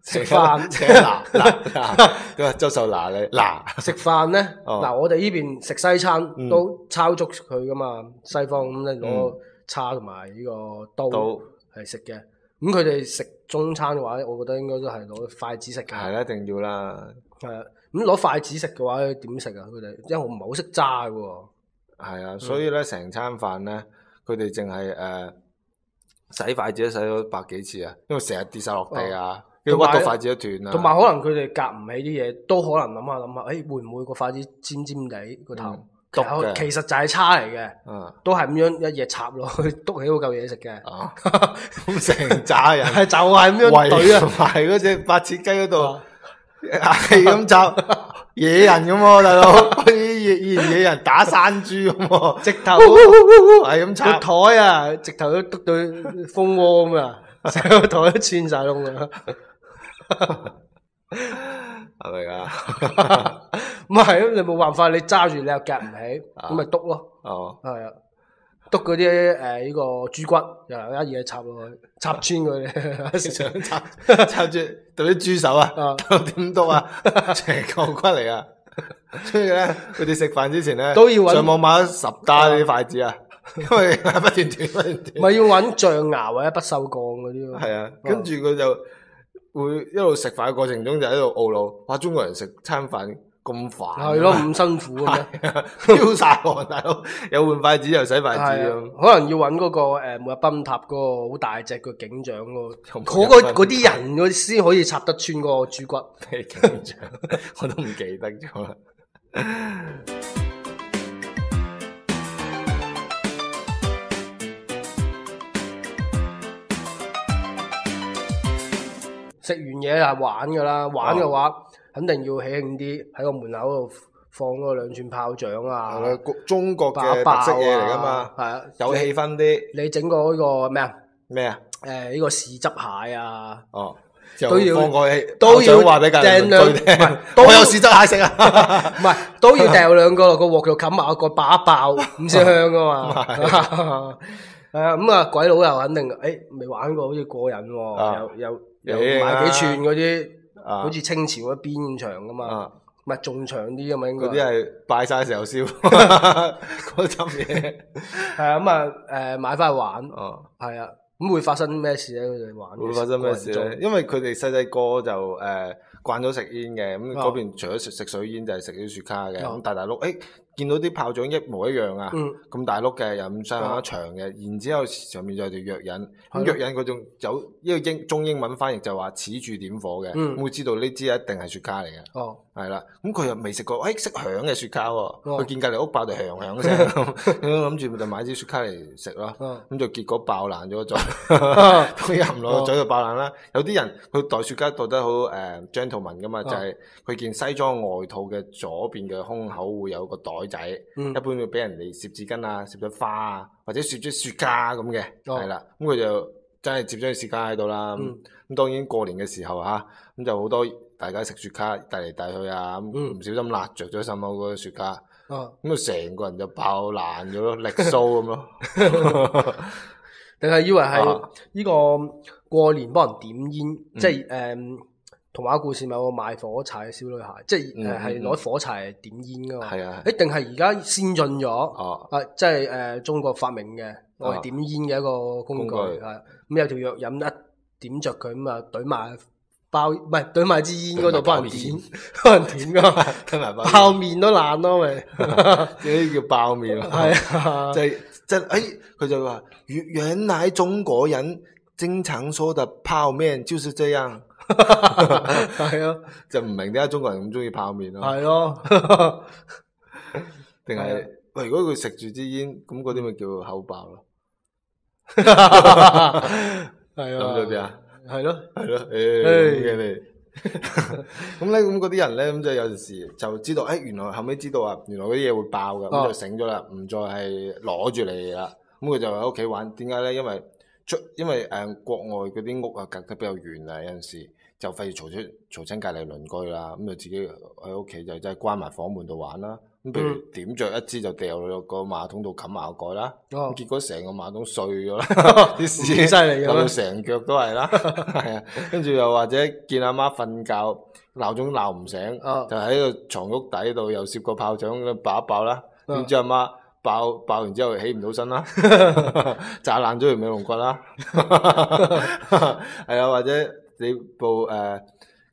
食飯嗱嗱嗱，咁啊，周秀娜你嗱食飯咧嗱，我哋呢邊食西餐都抄足佢噶嘛，嗯、西方咁咧攞叉同埋呢個刀係食嘅。咁佢哋食中餐嘅話咧，我覺得應該都係攞筷子食嘅。係啦，一定要啦。係啊，咁攞筷子食嘅話你點食啊？佢哋因為我唔係好識揸嘅喎。係啊，所以咧成餐飯咧，佢哋淨係誒洗筷子都洗咗百幾次啊，因為成日跌晒落地啊。嗯都屈到筷子都斷啦，同埋可能佢哋夾唔起啲嘢，都可能諗下諗下，誒、欸，會唔會個筷子尖尖地個頭？其實就係叉嚟嘅，嗯、都係咁樣一嘢插落去，篤起嗰嚿嘢食嘅。咁成扎人 圍 就係咁樣對圍 隻啊，係嗰隻白切雞嗰度，係咁插野人咁喎，大佬啲野人打山豬咁，直頭係咁插台啊，直頭都篤到蜂窩咁啊，成 個台都穿晒窿啦～ 係咪啊？唔係啊，你冇辦法，你揸住你又夾唔起，咁咪督咯。哦，係啊，篤嗰啲誒呢個豬骨，有一嘢插落去，插穿佢，插插住，同啲豬手啊。啊，點篤啊？成嚿骨嚟啊。所以咧，佢哋食飯之前咧都要上網買十打啲筷子啊，因為不斷斷不斷斷。唔係要揾象牙或者不鏽鋼嗰啲咯。係啊，跟住佢就。會一路食飯嘅過程中就喺度懊惱，哇中國人食餐飯咁煩，係咯咁辛苦嘅咩？嬲晒我，大佬又換筷子又洗筷子 可能要揾嗰、那個誒，冇乜崩塔嗰個好大隻嘅警長咯、啊，嗰、那個啲人我先可以插得穿個豬骨。誒，警長，我都唔記得咗啦。 食完嘢就玩噶啦，玩嘅話肯定要喜慶啲，喺個門口度放嗰兩串炮仗啊。中國嘅特色嘢嚟噶嘛，係啊，有氣氛啲。你整個呢個咩啊？咩啊？誒，呢個豉汁蟹啊？哦，都要，都要話俾佢聽，都有豉汁蟹食啊，唔係都要掉兩個落個鑊度冚埋一個把爆，唔算香噶嘛。係啊，咁啊，鬼佬又肯定誒，未玩過好似過癮喎，又又。買幾串嗰啲，啊、好似清朝一邊長噶嘛，唔係仲長啲咁啊應該。嗰啲係拜山時候燒，嗰針嘢。係 啊，咁啊，誒，買翻去玩，係啊，咁會發生咩事咧？佢哋玩。會發生咩事，生事因為佢哋細細個就誒慣咗食煙嘅，咁嗰邊除咗食食水煙，就係食啲雪茄嘅，咁大大碌誒。啊啊見到啲炮仗一模一樣啊，咁大碌嘅，又咁上下咁長嘅，然之後上面有條藥引，咁藥引嗰種有一個英中英文翻譯就話持住點火嘅，會知道呢支一定係雪茄嚟嘅，係啦，咁佢又未食過，誒識響嘅雪茄喎，佢見隔離屋爆到響響聲，咁諗住咪就買支雪茄嚟食咯，咁就結果爆爛咗佢吞落個嘴就爆爛啦。有啲人佢袋雪茄袋得好誒 gentleman 噶嘛，就係佢件西裝外套嘅左邊嘅胸口會有個袋。仔、嗯、一般會俾人哋攝紙巾啊，攝咗花啊，或者攝咗雪茄咁嘅，係啦、哦。咁佢就真係攝咗啲雪茄喺度啦。咁、嗯、當然過年嘅時候嚇、啊，咁就好多大家食雪茄帶嚟帶去啊，唔小心辣着咗心口個雪茄，咁佢成個人就爆爛咗咯，裂蘇咁咯。定係 以為係呢個過年幫人點煙，嗯、即係誒？Um, 童話故事咪有個賣火柴嘅小女孩，即係係攞火柴點煙噶嘛？係、嗯、啊，誒，一定係而家先進咗？哦，即係誒、呃，中國發明嘅，攞嚟，啊、點煙嘅一個工具，係咁司、嗯、有條藥引，一點着佢咁啊，懟埋包唔係懟埋支煙嗰度，幫包人點，幫人點噶嘛，泡麵都爛咯，咪呢啲叫泡麵？係 啊，即、 哎、就誒，佢就話原原來中國人經常說的泡麵就是這樣。係 啊，就唔明點解中國人咁中意泡麵咯、啊？係咯 是、啊，定係佢如果佢食住支煙，咁嗰啲咪叫口爆咯？係啊，諗到啲啊，係咯，係咯，誒，咁咧，咁嗰啲人咧，咁就有陣時就知道，誒、哎，原來後尾知道啊，原來嗰啲嘢會爆㗎，咁就醒咗啦，唔再係攞住嚟啦。咁佢就喺屋企玩，點解咧？因為出，因為誒，國外嗰啲屋啊，隔得比較遠啊，有陣時。嗯就費事嘈出嘈親隔離鄰居啦，咁就自己喺屋企就真係關埋房門度玩啦。咁譬如點着一支就掉落個馬桶度冚下蓋啦，結果成個馬桶碎咗啦，啲屎犀利嘅，成腳都係啦。係啊，跟住又或者見阿媽瞓覺，鬧鐘鬧唔醒，就喺個床屋底度又攝個炮仗咁樣爆一爆啦。點知阿媽爆爆完之後起唔到身啦，炸爛咗條尾龍骨啦。係啊，或者～你部誒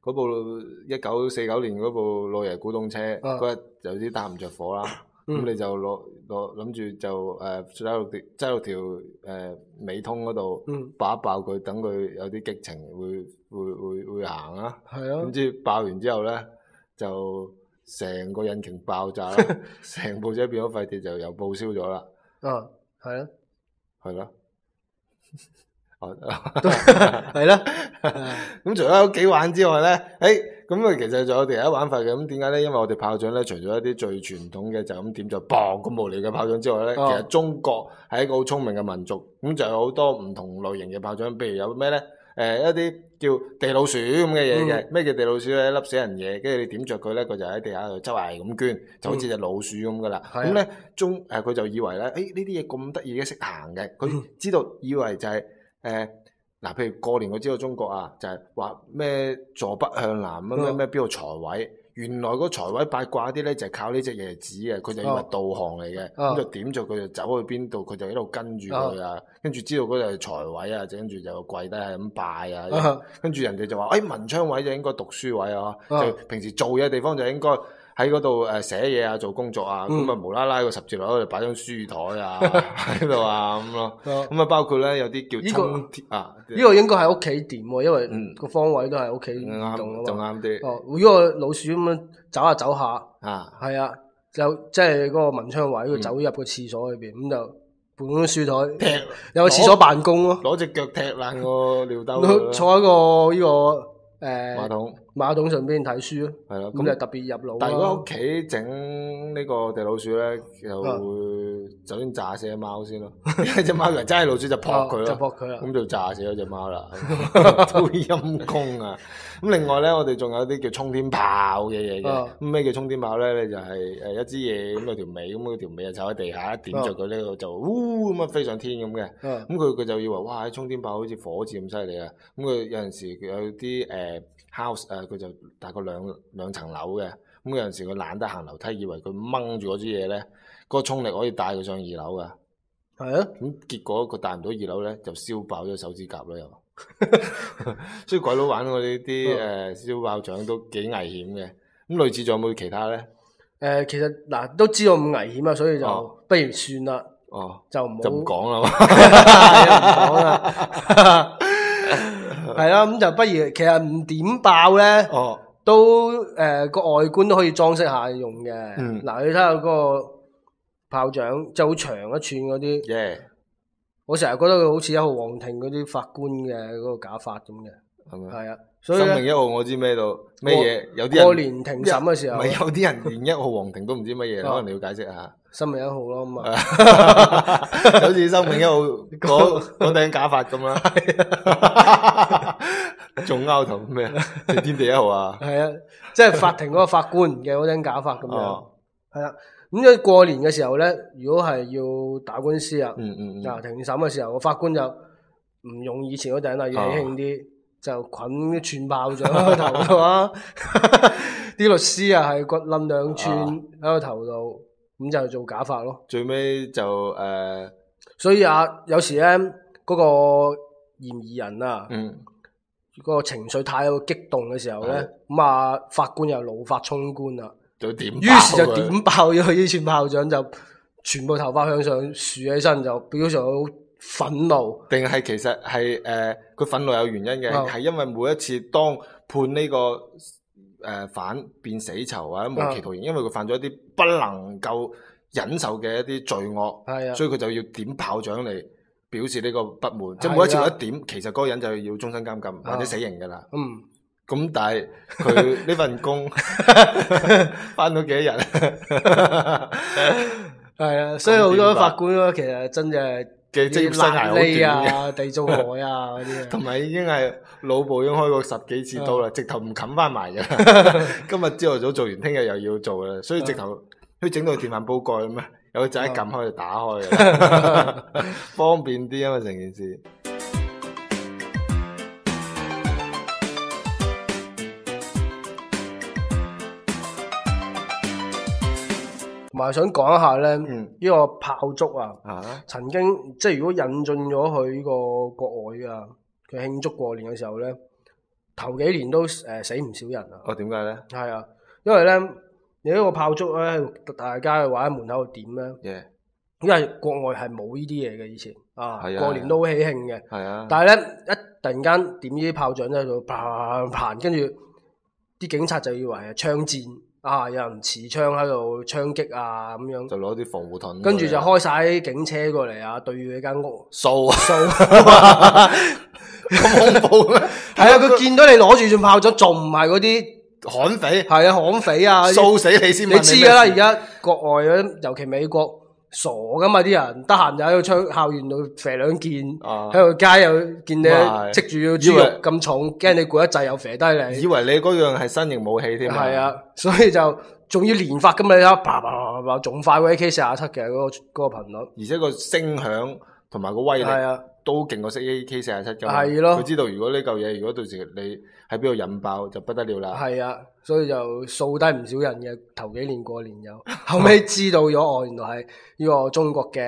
嗰部一九四九年嗰部老爺古董車嗰日、啊、有啲打唔着火啦，咁、嗯、你就攞攞諗住就誒揸到揸到條誒、呃、尾通嗰度，爆一爆佢，等佢有啲激情會會會會行啦。係啊，點、啊、知爆完之後咧，就成個引擎爆炸，成部、啊啊、車變咗廢鐵就又報銷咗啦。嗯，係啊，係啦、啊。 係啦、 嗯，咁、 嗯、 除咗喺屋企玩之外呢，誒、欸，咁啊，其實仲有其他玩法嘅。咁點解呢？因為我哋炮仗呢，除咗一啲最傳統嘅就咁點着嘣咁無聊嘅炮仗之外呢，其實中國係一個好聰明嘅民族，咁就有好多唔同類型嘅炮仗。譬如有咩呢？誒、欸，一啲叫地老鼠咁嘅嘢嘅，咩叫、嗯、地老鼠呢？一粒死人嘢，跟住你點着佢、嗯、呢，佢就喺地下度周圍咁鑽，就好似隻老鼠咁噶啦。咁、嗯、呢，中誒，佢就以為呢，誒呢啲嘢咁得意嘅，識行嘅，佢知道以為就係、是。誒，嗱、呃，譬如過年我知道中國啊，就係話咩坐北向南啊，咩咩邊度財位，原來嗰財位八卦啲咧就係靠呢隻椰子嘅，佢就因為導航嚟嘅，咁就點就佢就走去邊度，佢就喺度跟住佢啊，啊跟住、啊、知道嗰度係財位啊，跟住就跪低係咁拜啊，跟住、啊啊、人哋就話，誒、哎、文昌位就應該讀書位啊，啊就平時做嘢地方就應該。喺嗰度誒寫嘢啊，做工作啊，咁啊無啦啦個十字路口度擺張書台啊，喺度啊咁咯，咁啊包括咧有啲叫呢個啊，呢個應該係屋企點喎，因為個方位都係屋企，啱就啱啲，如果個老鼠咁樣走下走下啊，係啊，就即係嗰個文昌位，佢走入個廁所裏面，咁就搬張書台，有個廁所辦公咯，攞隻腳踢爛個尿兜，坐喺個依誒馬桶，馬桶上邊睇書咯，係啦，咁就特別入腦。但係如果屋企整呢個地老鼠咧，又會，啊首先炸死隻貓先咯，隻貓嚟揸住老鼠就撲佢咯，啊、就撲佢啦，咁就炸死咗隻貓啦，好陰功啊！咁另外咧，我哋仲有啲叫衝天炮嘅嘢嘅，咁咩叫衝天炮咧？你就係誒一支嘢，咁有條尾，咁佢條尾就坐喺地下，一點着佢呢咧，就嗚咁啊飛上天咁嘅，咁佢佢就以為哇，啲衝天炮好似火箭咁犀利啊！咁佢有陣時有啲誒 house 誒，佢、呃、就大概兩兩層樓嘅，咁有陣時佢懶得行樓梯，以為佢掹住嗰支嘢咧。個衝力可以帶佢上二樓噶，係啊、嗯！咁結果佢帶唔到二樓咧，就燒爆咗手指甲啦，又。 所以鬼佬玩我哋啲誒燒爆仗都幾危險嘅。咁類似仲有冇其他咧？誒、呃，其實嗱都知道咁危險啊，所以就不如算啦。哦，就唔就唔講啦。唔講啦。係 啊，咁就不如其實唔點爆咧，哦，都誒、呃、個外觀都可以裝飾下用、嗯、嘅。嗱，你睇下嗰個。炮仗就好長一寸嗰啲，我成日覺得佢好似一號皇庭嗰啲法官嘅個假髮咁嘅，係啊。生命一號我知咩度？咩嘢，有啲人過年庭審嘅時候，有啲人連一號皇庭都唔知乜嘢，可能你要解釋下。生命一號咯，咁啊，好似生命一號嗰嗰頂假髮咁啦，仲拗頭咩？天地一號啊？係啊，即係法庭嗰個法官嘅嗰頂假髮咁樣，係啦。咁喺過年嘅時候呢，如果係要打官司啊，嗱、嗯嗯嗯，庭審嘅時候，個法官就唔用以前嗰頂啦，要喜慶啲，啊、就捆一串爆咗個頭嘅話，啲 律師是兩啊係骨冧兩串喺個頭度，咁就做假髮咯。最屘就誒，呃、所以啊，有時呢，嗰、那個嫌疑人啊，嗯，那個情緒太過激動嘅時候呢，咁啊、嗯，嗯、法官又怒髮衝冠啦。就於是就點爆咗呢串炮仗，就全部頭髮向上豎起身，就表示好憤怒。定係其實係誒，佢、呃、憤怒有原因嘅，係、嗯、因為每一次當判呢、這個誒犯、呃、變死囚或者無期徒刑，嗯、因為佢犯咗一啲不能夠忍受嘅一啲罪惡，嗯、所以佢就要點炮仗嚟表示呢個不滿。嗯、即每一次有一點，嗯、其實嗰個人就要要終身監禁或者死刑㗎喇。嗯。咁但係佢呢份工翻咗 幾多日？係啊，所以好多法官咧，其實真嘅嘅職業生涯好短嘅。 地中海啊嗰啲，同埋已經係腦部已經開過十幾次刀啦， 直頭唔冚翻埋嘅。今日朝頭早做完，聽日又要做啦，所以直頭都整到電飯煲蓋咁啊！有個掣一撳開就打開嘅， 方便啲啊嘛，成件事。同埋想講一下咧，呢、嗯、個炮竹啊，曾經即係如果引進咗去呢個國外啊，佢慶祝過年嘅時候咧，頭幾年都誒、呃、死唔少人啊。哦，點解咧？係啊，因為咧，你、這、呢個炮竹咧，大家嘅話喺門口度點咧，Yeah. 因為國外係冇呢啲嘢嘅以前 Yeah. 啊，過年都好喜慶嘅。係啊。但係咧，一突然間點呢啲炮仗咧，就啪啪啪，跟住啲警察就以為係槍戰。啊！有人持槍喺度槍擊啊，咁樣就攞啲防護盾，跟住就開晒警車過嚟啊，對住間屋掃掃，咁恐怖咩？係啊！佢見到你攞住支炮仗，仲唔係嗰啲悍匪？係啊，悍匪啊！掃死你先！你知㗎啦，而家國外尤其美國。傻噶嘛啲人，得閒就喺度出校園度射兩件，喺度、啊、街上又見你積住個豬肉咁重，驚你攰一制又射低你。以為你嗰樣係新型武器添啊！啊， 所以就仲要連發噶嘛，一啪啪啪啪啪，仲快過 AK 四啊七嘅嗰個嗰、嗰個頻率。而且個聲響同埋個威力都勁過 AK 四啊七噶。係咯的，佢知道如果呢嚿嘢如果到時你喺邊度引爆就不得了啦。係啊。所以就掃低唔少人嘅頭幾年過年有，後尾知道咗哦，原來係呢個中國嘅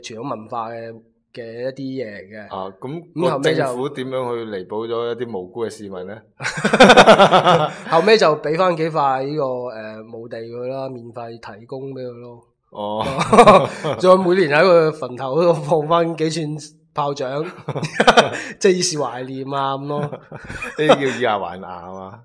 傳統文化嘅嘅一啲嘢嘅。啊，咁咁後尾就政府點樣去彌補咗一啲無辜嘅市民咧？後尾就俾翻、嗯、 幾塊呢、這個誒墓、呃、地佢啦，免費提供俾佢咯。哦，再 每年喺佢墳頭嗰度放翻幾串炮仗， 即係以示懷念啊咁咯。呢啲叫 以牙還牙啊嘛！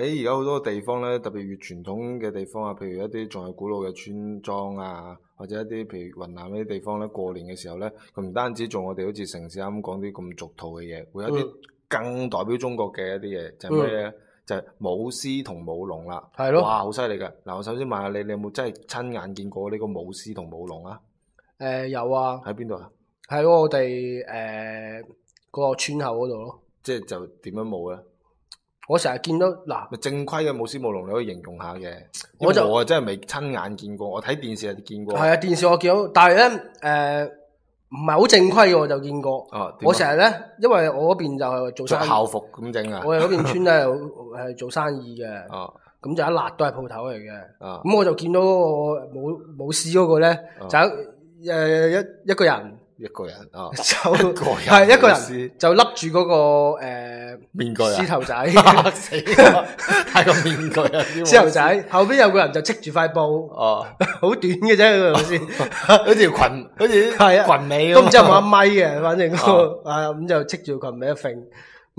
喺而家好多地方咧，特別越傳統嘅地方啊，譬如一啲仲係古老嘅村莊啊，或者一啲譬如雲南呢啲地方咧，過年嘅時候咧，佢唔單止做我哋好似城市啱講啲咁俗套嘅嘢，會有一啲更代表中國嘅一啲嘢，嗯、就係咩咧？嗯、就係舞獅同舞龍啦，係咯的，哇，好犀利㗎！嗱，我首先問下你，你有冇真係親眼見過呢個舞獅同舞龍啊？誒、呃，有啊，喺邊度啊？係咯，我哋誒嗰個村口嗰度咯。即係就點樣舞咧？我成日見到嗱，咪正規嘅舞獅舞龍，你可以形容下嘅？我就，我真係未親眼見過，我睇就電視係見過。係啊，電視我見到，但係咧誒，唔係好正規嘅我就見過。哦、啊，我成日咧，因為我嗰邊就係做，做校服咁整啊。我喺嗰邊村咧係做生意嘅，咁、啊、就一辣都係鋪頭嚟嘅。咁、啊、我就見到個舞舞獅嗰個咧，啊、就誒、呃、一一個人。一個人哦，就係一個人，就笠住嗰個誒面具獅頭仔，吓死啦！個面具，獅頭仔後邊有個人就戚住塊布哦，好短嘅啫，係咪先？好似條裙，好似係裙尾，咁，唔知冇一米嘅，反正個啊咁就戚住裙尾一甩。咁就喺度喐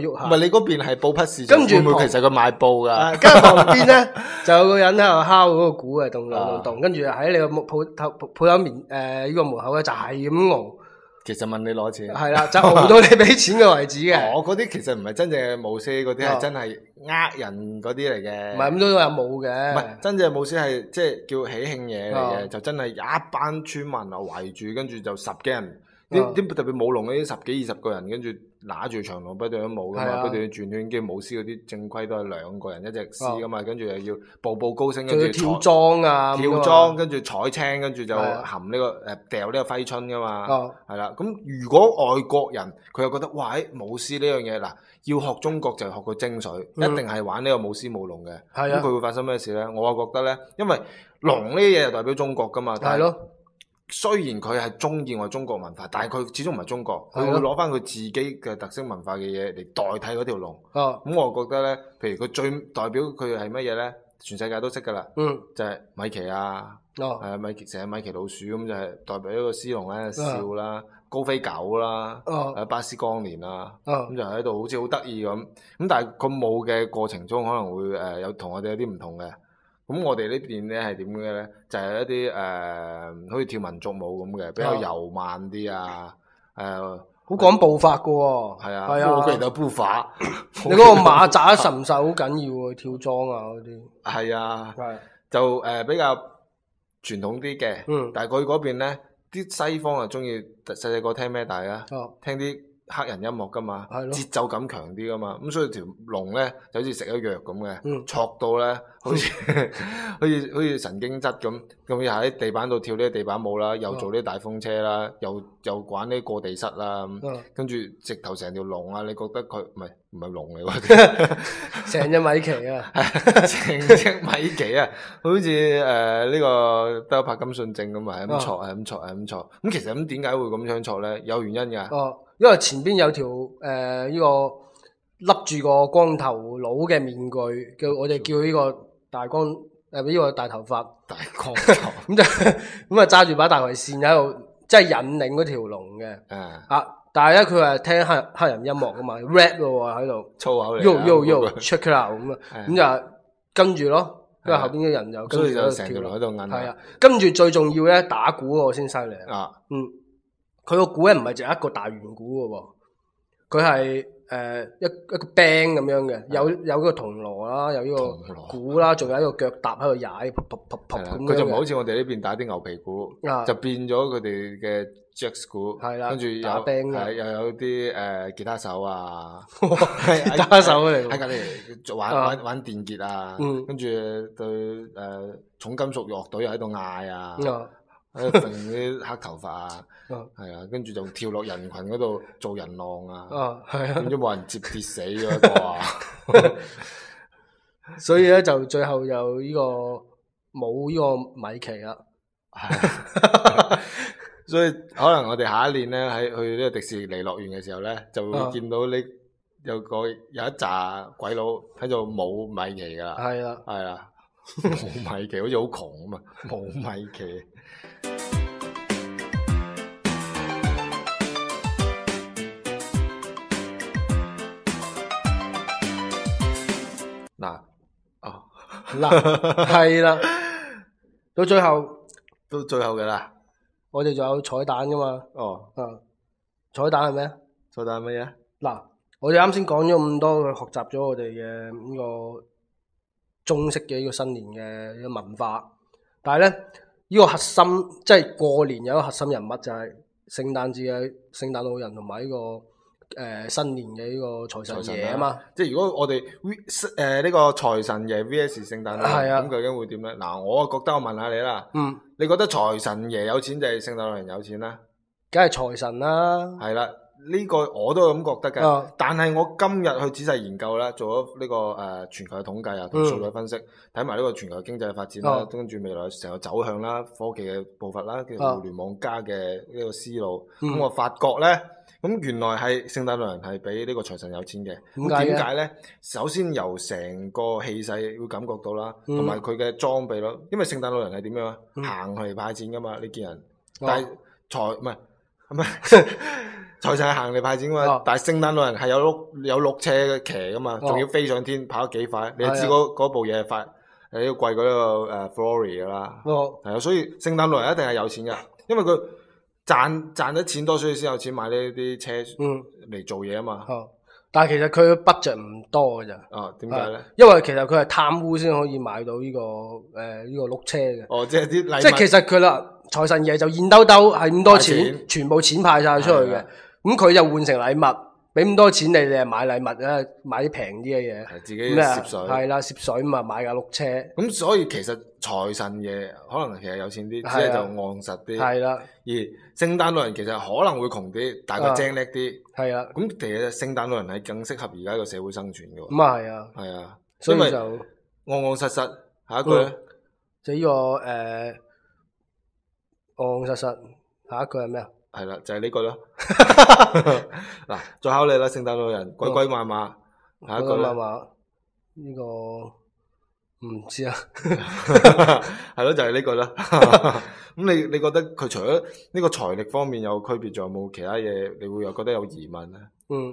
下喐下。唔係你嗰邊係布匹市，跟住著會唔會其實佢賣布噶？跟住、啊、旁邊咧就有人個人喺度敲嗰個鼓嘅，動動動，啊、跟住喺你個木鋪頭鋪面誒呢、呃呢個門口咧就係咁舞。其實問你攞錢。係啦，就舞到你俾錢嘅為止嘅。我嗰啲其實唔係真正嘅舞獅，嗰啲係真係呃人嗰啲嚟嘅。唔係咁多都有冇嘅。唔係，真正嘅舞獅係即係叫喜慶嘢嚟嘅，啊、就真係一班村民啊圍住，跟住就十幾人，啲啲、啊、特別舞龍嗰啲十幾二十個人，跟住。跟拿住長龍不斷咁舞噶嘛，不斷轉圈。跟住舞獅嗰啲正規都係兩個人一隻獅噶嘛，跟住又要步步高升，跟住跳裝啊，跳裝，跟住彩青，跟住就含呢個誒掉呢個揮春噶嘛。係啦，咁如果外國人佢又覺得哇舞獅呢樣嘢嗱，要學中國就學個精髓，一定係玩呢個舞獅舞龍嘅。咁佢會發生咩事咧？我啊覺得咧，因為龍呢啲嘢就代表中國噶嘛，係咯。雖然佢係中意我中國文化，但係佢始終唔係中國，佢會攞翻佢自己嘅特色文化嘅嘢嚟代替嗰條龍。咁、嗯、我覺得咧，譬如佢最代表佢係乜嘢咧？全世界都識㗎啦，嗯、就係米奇啊，係、嗯、啊，米成日米奇老鼠咁就係代表一個獅龍喺度笑啦，嗯、高飛狗啦，誒、嗯啊、巴斯光年啦、啊，咁、嗯嗯、就喺度好似好得意咁。咁但係佢冇嘅過程中可能會誒有，我有同我哋有啲唔同嘅。咁我哋呢邊咧係點嘅咧，就係、是、一啲誒、呃，好似跳民族舞咁嘅，比較柔慢啲啊，誒、呃，好講步伐嘅喎。係啊，講佢嘅步法。啊、步法你嗰個馬扎神獸好緊要啊，跳裝啊嗰啲。係啊，係是就誒、呃、比較傳統啲嘅。嗯，但係佢嗰邊咧，啲西方啊中意細細個聽咩大啊？哦，聽啲。黑人音樂㗎嘛，節奏感強啲㗎嘛，咁所以條龍咧就好似食咗藥咁嘅，錯到咧好似好似好似神經質咁，咁又喺地板度跳呢啲地板舞啦，又做呢啲大風車啦，又又玩呢啲過地室啦，跟住直頭成條龍啊！你覺得佢唔係唔係龍嚟喎？成隻米奇啊，成隻米奇啊，好似誒呢個都有柏金遜症咁啊，咁錯啊，咁錯啊，咁錯。咁其實咁點解會咁樣錯咧？有原因㗎。因為前邊有條誒呢個笠住個光頭佬嘅面具，叫我哋叫呢個大光，誒呢個大頭髮大光頭，咁就咁啊揸住把大葵扇喺度，即係引領嗰條龍嘅啊。但係咧佢話聽黑黑人音樂噶嘛，rap 噶喎喺度粗口，yo yo yo check out 咁啊，咁就跟住咯，因為後邊啲人就跟住就成條龍喺度嗌係啊，跟住最重要咧打鼓個先犀利啊，嗯。佢個鼓咧唔係淨係一個大圓鼓嘅，佢係誒一一個 band 咁樣嘅，有有呢個銅鑼啦，有呢個鼓啦，仲有一個腳踏喺度踩，撲撲撲撲咁樣，佢就唔好似我哋呢邊打啲牛皮鼓，的就變咗佢哋嘅 jazz 鼓，係啦的，跟住有係又有啲誒、呃、吉他手啊， 吉他手嚟，喺隔籬玩玩玩電結啊，跟住、嗯、對誒、呃、重金屬樂隊又喺度嗌啊。喺度定啲黑頭髮啊，係啊，嗯、跟住，就跳落人群嗰度做人浪啊，咁都冇人接，跌死咗一個啊！ 所以咧就最後又呢個冇呢個米奇啦、啊啊，所以可能我哋下一年咧，喺去呢個迪士尼樂園嘅時候咧，就會見到呢有個有一紮鬼佬喺度冇米奇噶啦，係啦、啊，係啦、啊，冇米奇好似好窮啊嘛，冇、嗯、米奇。嗱，係啦，到最後，到最後嘅啦，我哋仲有彩蛋噶嘛。哦，嗯，彩蛋係咩？彩蛋係乜嘢？嗱，我哋啱先講咗咁多，去學習咗我哋嘅呢個中式嘅呢個新年嘅嘅文化，但係咧呢個核心即係過年有一個核心人物就係聖誕節嘅聖誕老人同埋呢個。誒，新年嘅呢個財神爺啊嘛，即係如果我哋 V 誒呢個財神爺 V S 聖誕老人，咁究竟會點咧？嗱，我啊覺得我問下你啦，你覺得財神爺有錢定係聖誕老人有錢啦？梗係財神啦，係啦，呢個我都咁覺得嘅。但係我今日去仔細研究啦，做咗呢個誒全球嘅統計啊，同數據分析，睇埋呢個全球經濟嘅發展啦，跟住未來成個走向啦，科技嘅步伐啦，叫互聯網加嘅呢個思路，咁我發覺咧。咁、嗯、原來係聖誕老人係比呢個財神有錢嘅。咁點解呢？首先由成個氣勢會感覺到啦，同埋佢嘅裝備咯。因為聖誕老人係點樣行去派錢㗎嘛，你見人。但財神係行嚟派錢㗎嘛？哦、但係聖誕老人係有，有碌有碌車騎㗎嘛，仲要飛上天、哦、跑得幾快。你就知嗰嗰、哎、呀部嘢快喺個貴嗰個 Flurry 㗎啦。係啊、哦，所以聖誕老人一定係有錢嘅，因為佢。賺賺得錢多，所以先有錢買呢啲車嚟做嘢嘛、嗯嗯。但其實佢嘅 budget 唔多嘅咋？哦，點解咧？因為其實佢係貪污先可以買到呢、這個誒呢、呃這個鹿車嘅。哦，即係啲禮物，即係其實佢啦財神爺就現兜兜係咁多錢，錢全部錢派晒出去嘅，咁佢的、嗯、就換成禮物。俾咁多錢你，你又買禮物啊？買啲平啲嘅嘢，自己涉水係啦，涉水嘛，買架碌車。咁所以其實財神爺可能其實有錢啲，的只係就務實啲。係啦的，而聖誕老人其實可能會窮啲，但係佢精叻啲。係啦的，咁其實聖誕老人係更適合而家個社會生存嘅。咁啊，係啊，係啊，所以咪就安安實實下一句咧，就呢個誒安安實實下一句係咩啊？係啦、嗯，就係、這、呢、個呃、句啦。嗱， 再考你啦，聖誕老人、鬼鬼馬馬，下一個嘛。呢、這個唔知啊，係 咯 就係、是、呢個啦。咁 你你覺得佢除咗呢個財力方面有區別，仲有冇其他嘢你會又覺得有疑問咧？嗯，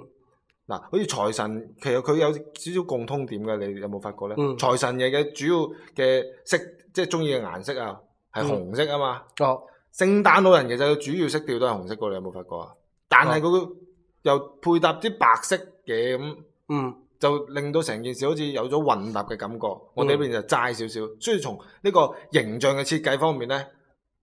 嗱，好似財神，其實佢有少少共通點嘅，你有冇發覺咧？財、嗯、神嘅嘅主要嘅色，即係中意嘅顏色啊，係紅色啊嘛、嗯嗯。哦，聖誕老人其實佢主要色調都係紅色嘅，你有冇發覺啊？但係佢又配搭啲白色嘅咁，就令到成件事好似有咗混搭嘅感覺。我哋呢邊就齋少少，所以從呢個形象嘅設計方面咧，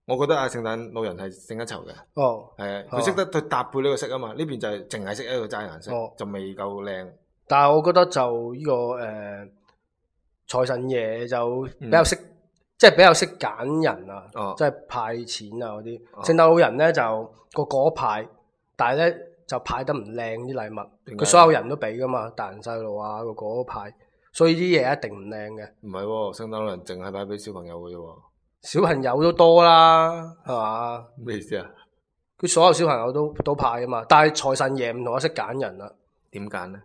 我覺得阿聖誕老人係勝一籌嘅。哦，係啊，佢識得佢搭配呢個色啊嘛。呢邊就係淨係識一個齋顏色，就未夠靚。但係我覺得就呢個誒財神爺就比較識，即係比較識揀人啊，即係派錢啊嗰啲。聖誕老人咧就個嗰派。但係咧就派得唔靚啲禮物，佢何所有人都俾噶嘛，大人細路啊，個個都派，所以啲嘢一定唔靚嘅。唔係聖誕老人淨係派俾小朋友嘅啫，小朋友都多啦，係嘛？咩意思啊？佢所有小朋友都都派啊嘛，但係財神爺唔同，我識揀人啦、啊。點揀咧？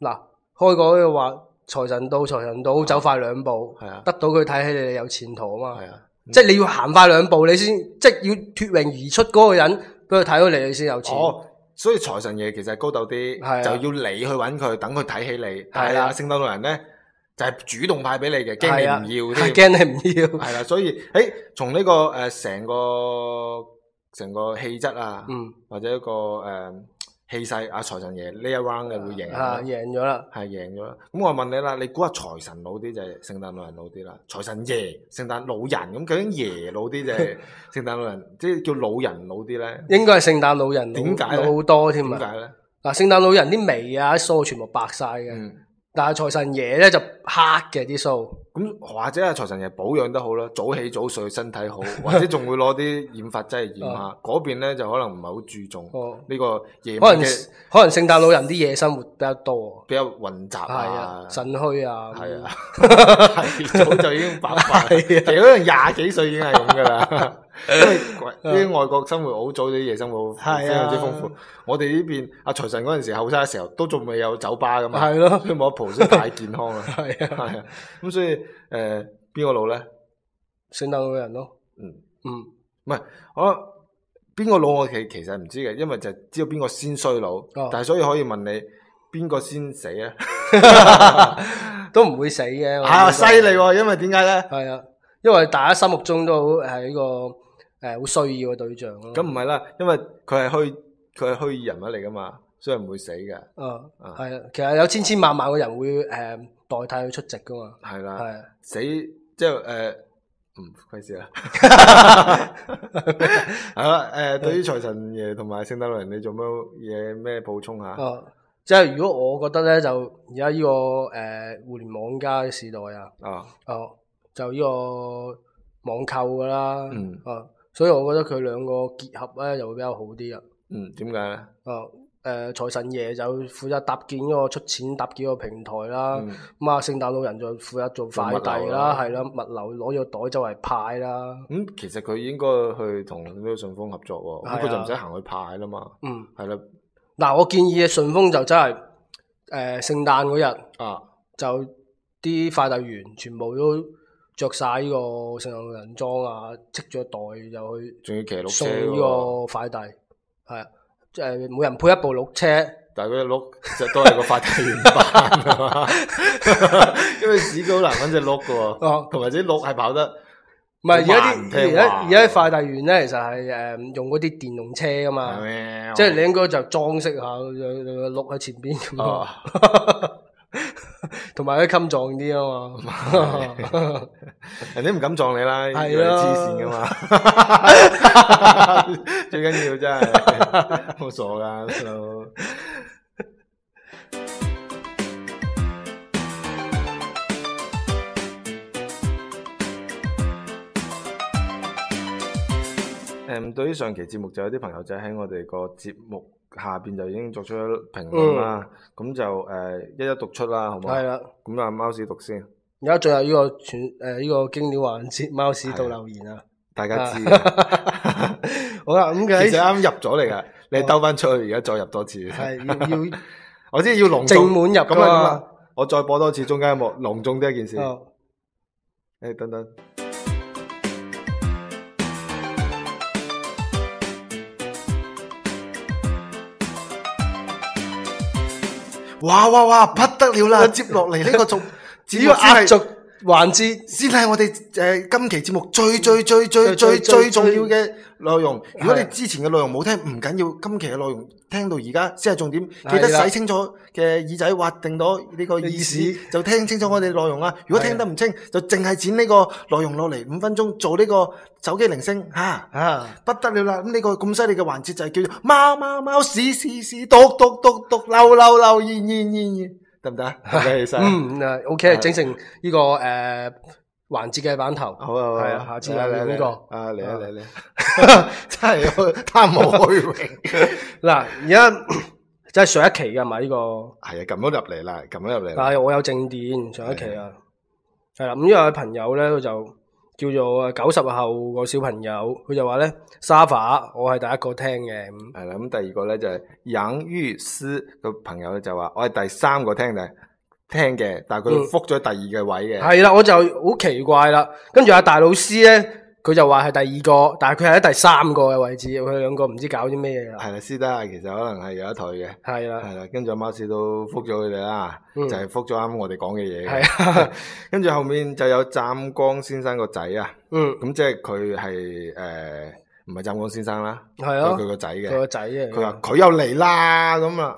嗱，開講嘅話，財神到財神到，走快兩步，啊啊、得到佢睇起你有前途啊嘛。啊，嗯、即係你要行快兩步，你先即係要脫穎而出嗰個人。佢睇到你，你先有錢、哦。所以財神爺其實高度啲，啊、就要你去揾佢，等佢睇起你。係啦、啊，聖誕老人呢，就係、是、主動派俾你嘅，驚你唔要，係驚、啊啊、你唔要、啊。所以，誒、欸，從呢、這個誒成、呃、個,個氣質啊，嗯、或者一個誒。呃氣勢啊財神爺呢一 round 嘅會贏，啊贏咗啦，係贏咗啦。咁、啊、我問你啦，你估下財神老啲就係聖誕老人老啲啦？財神爺聖誕老人，咁究竟爺老啲就係聖誕老人？即係叫老人老啲咧？應該係聖誕老人老，點解好多添，點解咧？嗱，啊、聖誕老人啲眉啊、啲須全部白晒嘅。嗯但係財神爺咧就黑嘅啲數，咁、啊、或者係財神爺保養得好啦，早起早睡，身體好，或者仲會攞啲染髮劑嚟染下。嗰邊咧就可能唔係好注重呢、哦、個夜晚嘅，可能聖誕老人啲夜生活比較多，比較混雜啊，腎虛啊，係啊，啊 早就已經白髮，幾 啊、 多廿幾歲已經係咁噶啦。 因為啲外國生活好早啲夜生活、啊、非常之豐富，我哋呢邊阿財神嗰陣時後生嘅時候，時候都仲未有酒吧噶嘛，係咯、啊，去摸蒲先太健康啦，係啊係啊，咁、啊、所以誒邊個老咧？聖誕老人咯、嗯，嗯嗯，唔係好啦邊個老我其實其實唔知嘅，因為就知道邊個先衰老，老，哦、但係所以可以問你邊個先死咧？ 都唔會死嘅，吓，犀利喎！因為點解咧？係啊，因為大家、啊、心目中，中都係呢個。誒，好需要嘅對象咯。咁唔係啦，因為佢係虛，佢係虛擬人物嚟噶嘛，所以唔會死嘅。嗯，係啊，其實有千千萬萬嘅人會誒代替佢出席噶嘛。係啦，係啊，死即係誒，唔費事啦。係啦，誒，對於財神爺同埋聖誕老人，你有冇嘢咩補充下？哦，即係如果我覺得咧，就而家呢個誒互聯網加嘅時代啊，哦，就呢個網購噶啦，嗯，哦。所以我覺得佢兩個結合咧就會比較好啲啊。嗯，點解咧？啊，誒，財神爺就負責搭建一個出錢搭建一個平台啦。咁啊，聖誕老人就負責做快遞啦，係啦，物流攞咗袋周圍派啦。咁其實佢應該去同呢個順豐合作，咁佢就唔使行去派啦嘛。嗯，係啦。嗱，我建議嘅順豐就真係誒，聖誕嗰日啊，就啲快遞員全部都。着晒呢個聖誕老人裝啊，積咗袋又去，仲要騎鹿車呢個快遞，係啊，即係每人配一部鹿車，但係嗰隻鹿實都係個快遞員扮， 因為市區好難揾隻鹿㗎，同埋隻鹿係跑得，唔係而家啲而家而家啲快遞員咧，其實係誒用嗰啲電動車噶嘛，即係嗎你應該就裝飾下，有鹿喺前邊。啊 同埋佢襟撞啲啊嘛，人哋唔敢撞你啦，黐線噶嘛，最緊要真係冇傻噶。誒，對於上期節目，就有啲朋友仔喺我哋個節目下邊就已經作出評論啦，咁、嗯、就誒、呃、一一讀出啦，好唔好？係啦的，咁啊貓屎讀先，而家最後呢個傳誒呢個經典環節，貓屎讀留言啊，大家知。 好啦，咁其實啱入咗嚟噶，你兜翻出去而家、哦、再入多次，係 要，要 我知要隆重正滿入噶嘛這這樣，我再播多次中間有冇隆重啲一件事，誒、 hey, 等等。哇哇哇！不得了啦， 接落嚟呢個仲，只要壓 環節先係我哋今期節目最最最最最最重要嘅內容。如果你之前嘅內容冇聽唔緊要，今期嘅內容聽到而家先係重點。記得洗清楚嘅耳仔，挖定咗呢個耳屎，就聽清楚我哋內容啦。如果聽得唔清，就淨係剪呢個內容落嚟五分鐘，做呢個手機鈴聲吓啊，不得了啦！咁呢個咁犀利嘅環節就係叫做貓貓貓屎屎屎，剁剁剁剁，撈撈撈，熱熱熱得唔得？得，嗯啊，OK，整成呢個誒環節嘅版頭，好啊，係啊，下次嚟呢個，啊嚟啊嚟嚟，真係貪慕虛榮。嗱，而家真係上一期噶嘛呢個，係啊，撳咗入嚟啦，撳咗入嚟，但係我有正電上一期啊，係啦，咁呢個朋友咧，佢就。叫做九十後個小朋友，佢就話咧沙發，我係第一個聽嘅。係啦，咁第二個咧就係、是、楊玉思個朋友咧就話，我係第三個聽嘅，聽嘅，但係佢復咗第二嘅位嘅。係啦、嗯，我就好奇怪啦，跟住阿大老師咧。佢就話係第二個，但係佢係喺第三個嘅位置，佢兩個唔知搞啲咩嘢啊？係啦，思德啊，其實可能係有一對嘅。係啦的，係啦，跟住貌似都覆咗佢哋啦，嗯、就係覆咗啱我哋講嘅嘢。係的，跟住 後，後面就有湛江先生個仔啊，咁、嗯、即係佢係誒，呃、唔係湛江先生啦，係佢個仔嘅。佢個仔啊？佢話佢又嚟啦，咁啊，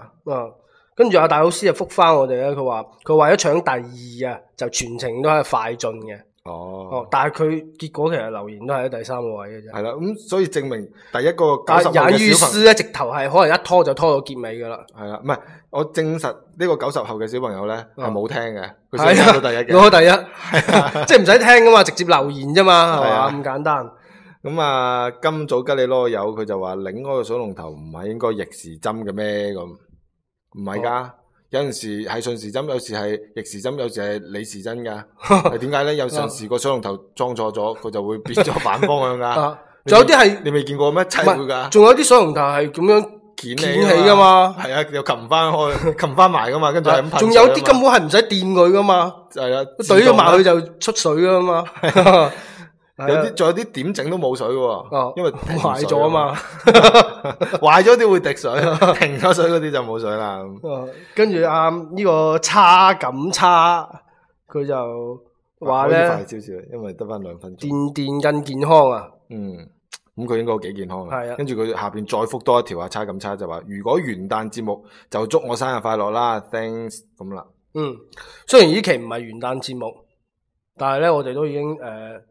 跟住阿大老師就覆翻我哋啦，佢話佢為咗搶第二啊，就全程都係快進嘅。哦，但係佢結果其實留言都係喺第三個位嘅啫。係啦，咁、嗯、所以證明第一個。引于斯咧，直頭係可能一拖就拖到結尾噶啦。係啦，唔係我證實呢個九十後嘅小朋友咧係冇聽嘅，佢先搶第一嘅。攞第一，即係唔使聽噶嘛，直接留言啫嘛，係嘛咁簡單。咁啊、嗯，今早吉你囉柚，佢就話擰嗰個水龍頭唔係應該逆時針嘅咩？咁唔係噶。嗯有陣時係順時針，有時係逆時針，有時係理時針噶。係點解呢？有陣時個水龍頭裝錯咗，佢就會變咗反方向噶。仲 有啲係你未見過咩？真會噶。仲有啲水龍頭係咁樣捲、啊、起噶嘛？係啊，又擒翻開，擒翻埋噶嘛？跟住係咁。仲 有啲根本係唔使掂佢噶嘛？係 啊，懟住埋佢就出水噶嘛？ 有啲仲有啲點整都冇水嘅，因為壞咗啊嘛， 壞咗啲會滴水咯， 停咗水嗰啲就冇水啦、嗯。跟住啊、嗯這個、呢個差感差，佢就話咧，可以快少少，因為得翻兩分鐘。電電更健康啊，嗯，咁、嗯、佢應該幾健康啊。係啊，跟住佢下邊再復多一條啊，差感差就話如果元旦節目就祝我生日快樂啦，thanks 咁啦。 嗯，雖然呢期唔係元旦節目，但係咧我哋都已經誒。呃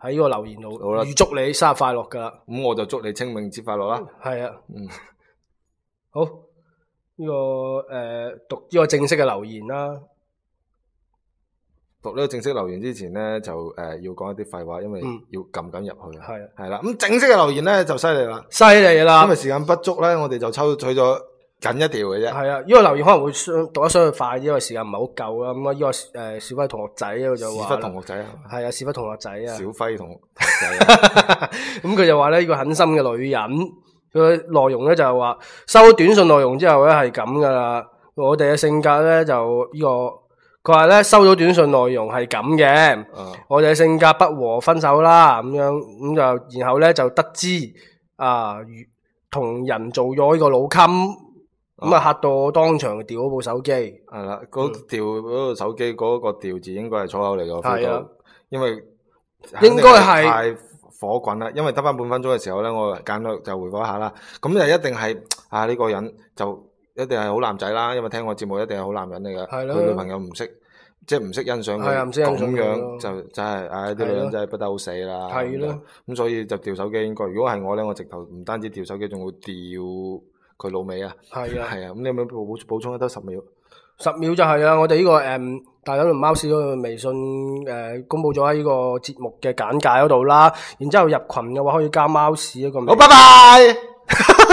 喺呢個留言度預祝你生日快樂噶啦，咁我就祝你清明節快樂啦。係啊的，嗯，好呢、這個誒、呃、讀呢個正式嘅留言啦。讀呢個正式留言之前咧，就誒、呃、要講一啲廢話，因為要撳緊入去。係啊係啦，咁的正式嘅留言咧就犀利啦，犀利啦，因為時間不足咧，我哋就抽取咗。緊一條嘅啫，係啊，呢、這、為、個、留言可能會讀得相對快，因為時間唔係好夠啊。咁、嗯、啊，呢、這個誒、呃、小輝同學仔，佢就話同學仔啊，係啊，小輝同學仔啊，小輝同學仔、啊。咁佢、 嗯、就話咧呢、這個狠心嘅女人，佢內容咧就係話收咗短信內容之後咧係咁噶啦。我哋嘅性格咧就呢、這個，佢話咧收咗短信內容係咁嘅，嗯、我哋嘅性格不和分手啦。咁樣咁就然後咧就得知啊，同人做咗呢個老襟。咁啊嚇到我當場掉嗰部手機，係啦、嗯，嗰掉嗰個手機嗰個掉字應該係粗口嚟噶，係啊的，因為應該係太火滾啦，因為得翻半分鐘嘅時候咧，我簡略就回顧一下啦。咁就一定係啊呢、這個人就一定係好男仔啦，因為聽我節目一定係好男人嚟噶，佢的女朋友唔識，即係唔識欣賞佢，咁樣就真、是、係，唉、哎，啲女人真係不得好死啦，係咯的，咁的所以就掉手機。應該如果係我咧，我直頭唔單止掉手機，仲會掉。佢老味啊，係啊的，係啊，咁你有冇補補充一兜十秒？十秒就係啊，我哋呢、這個誒、呃、大躉同貓史嘅微信誒、呃、公布咗喺呢個節目嘅簡介嗰度啦，然之後入群嘅話可以加貓史一個。好，拜拜。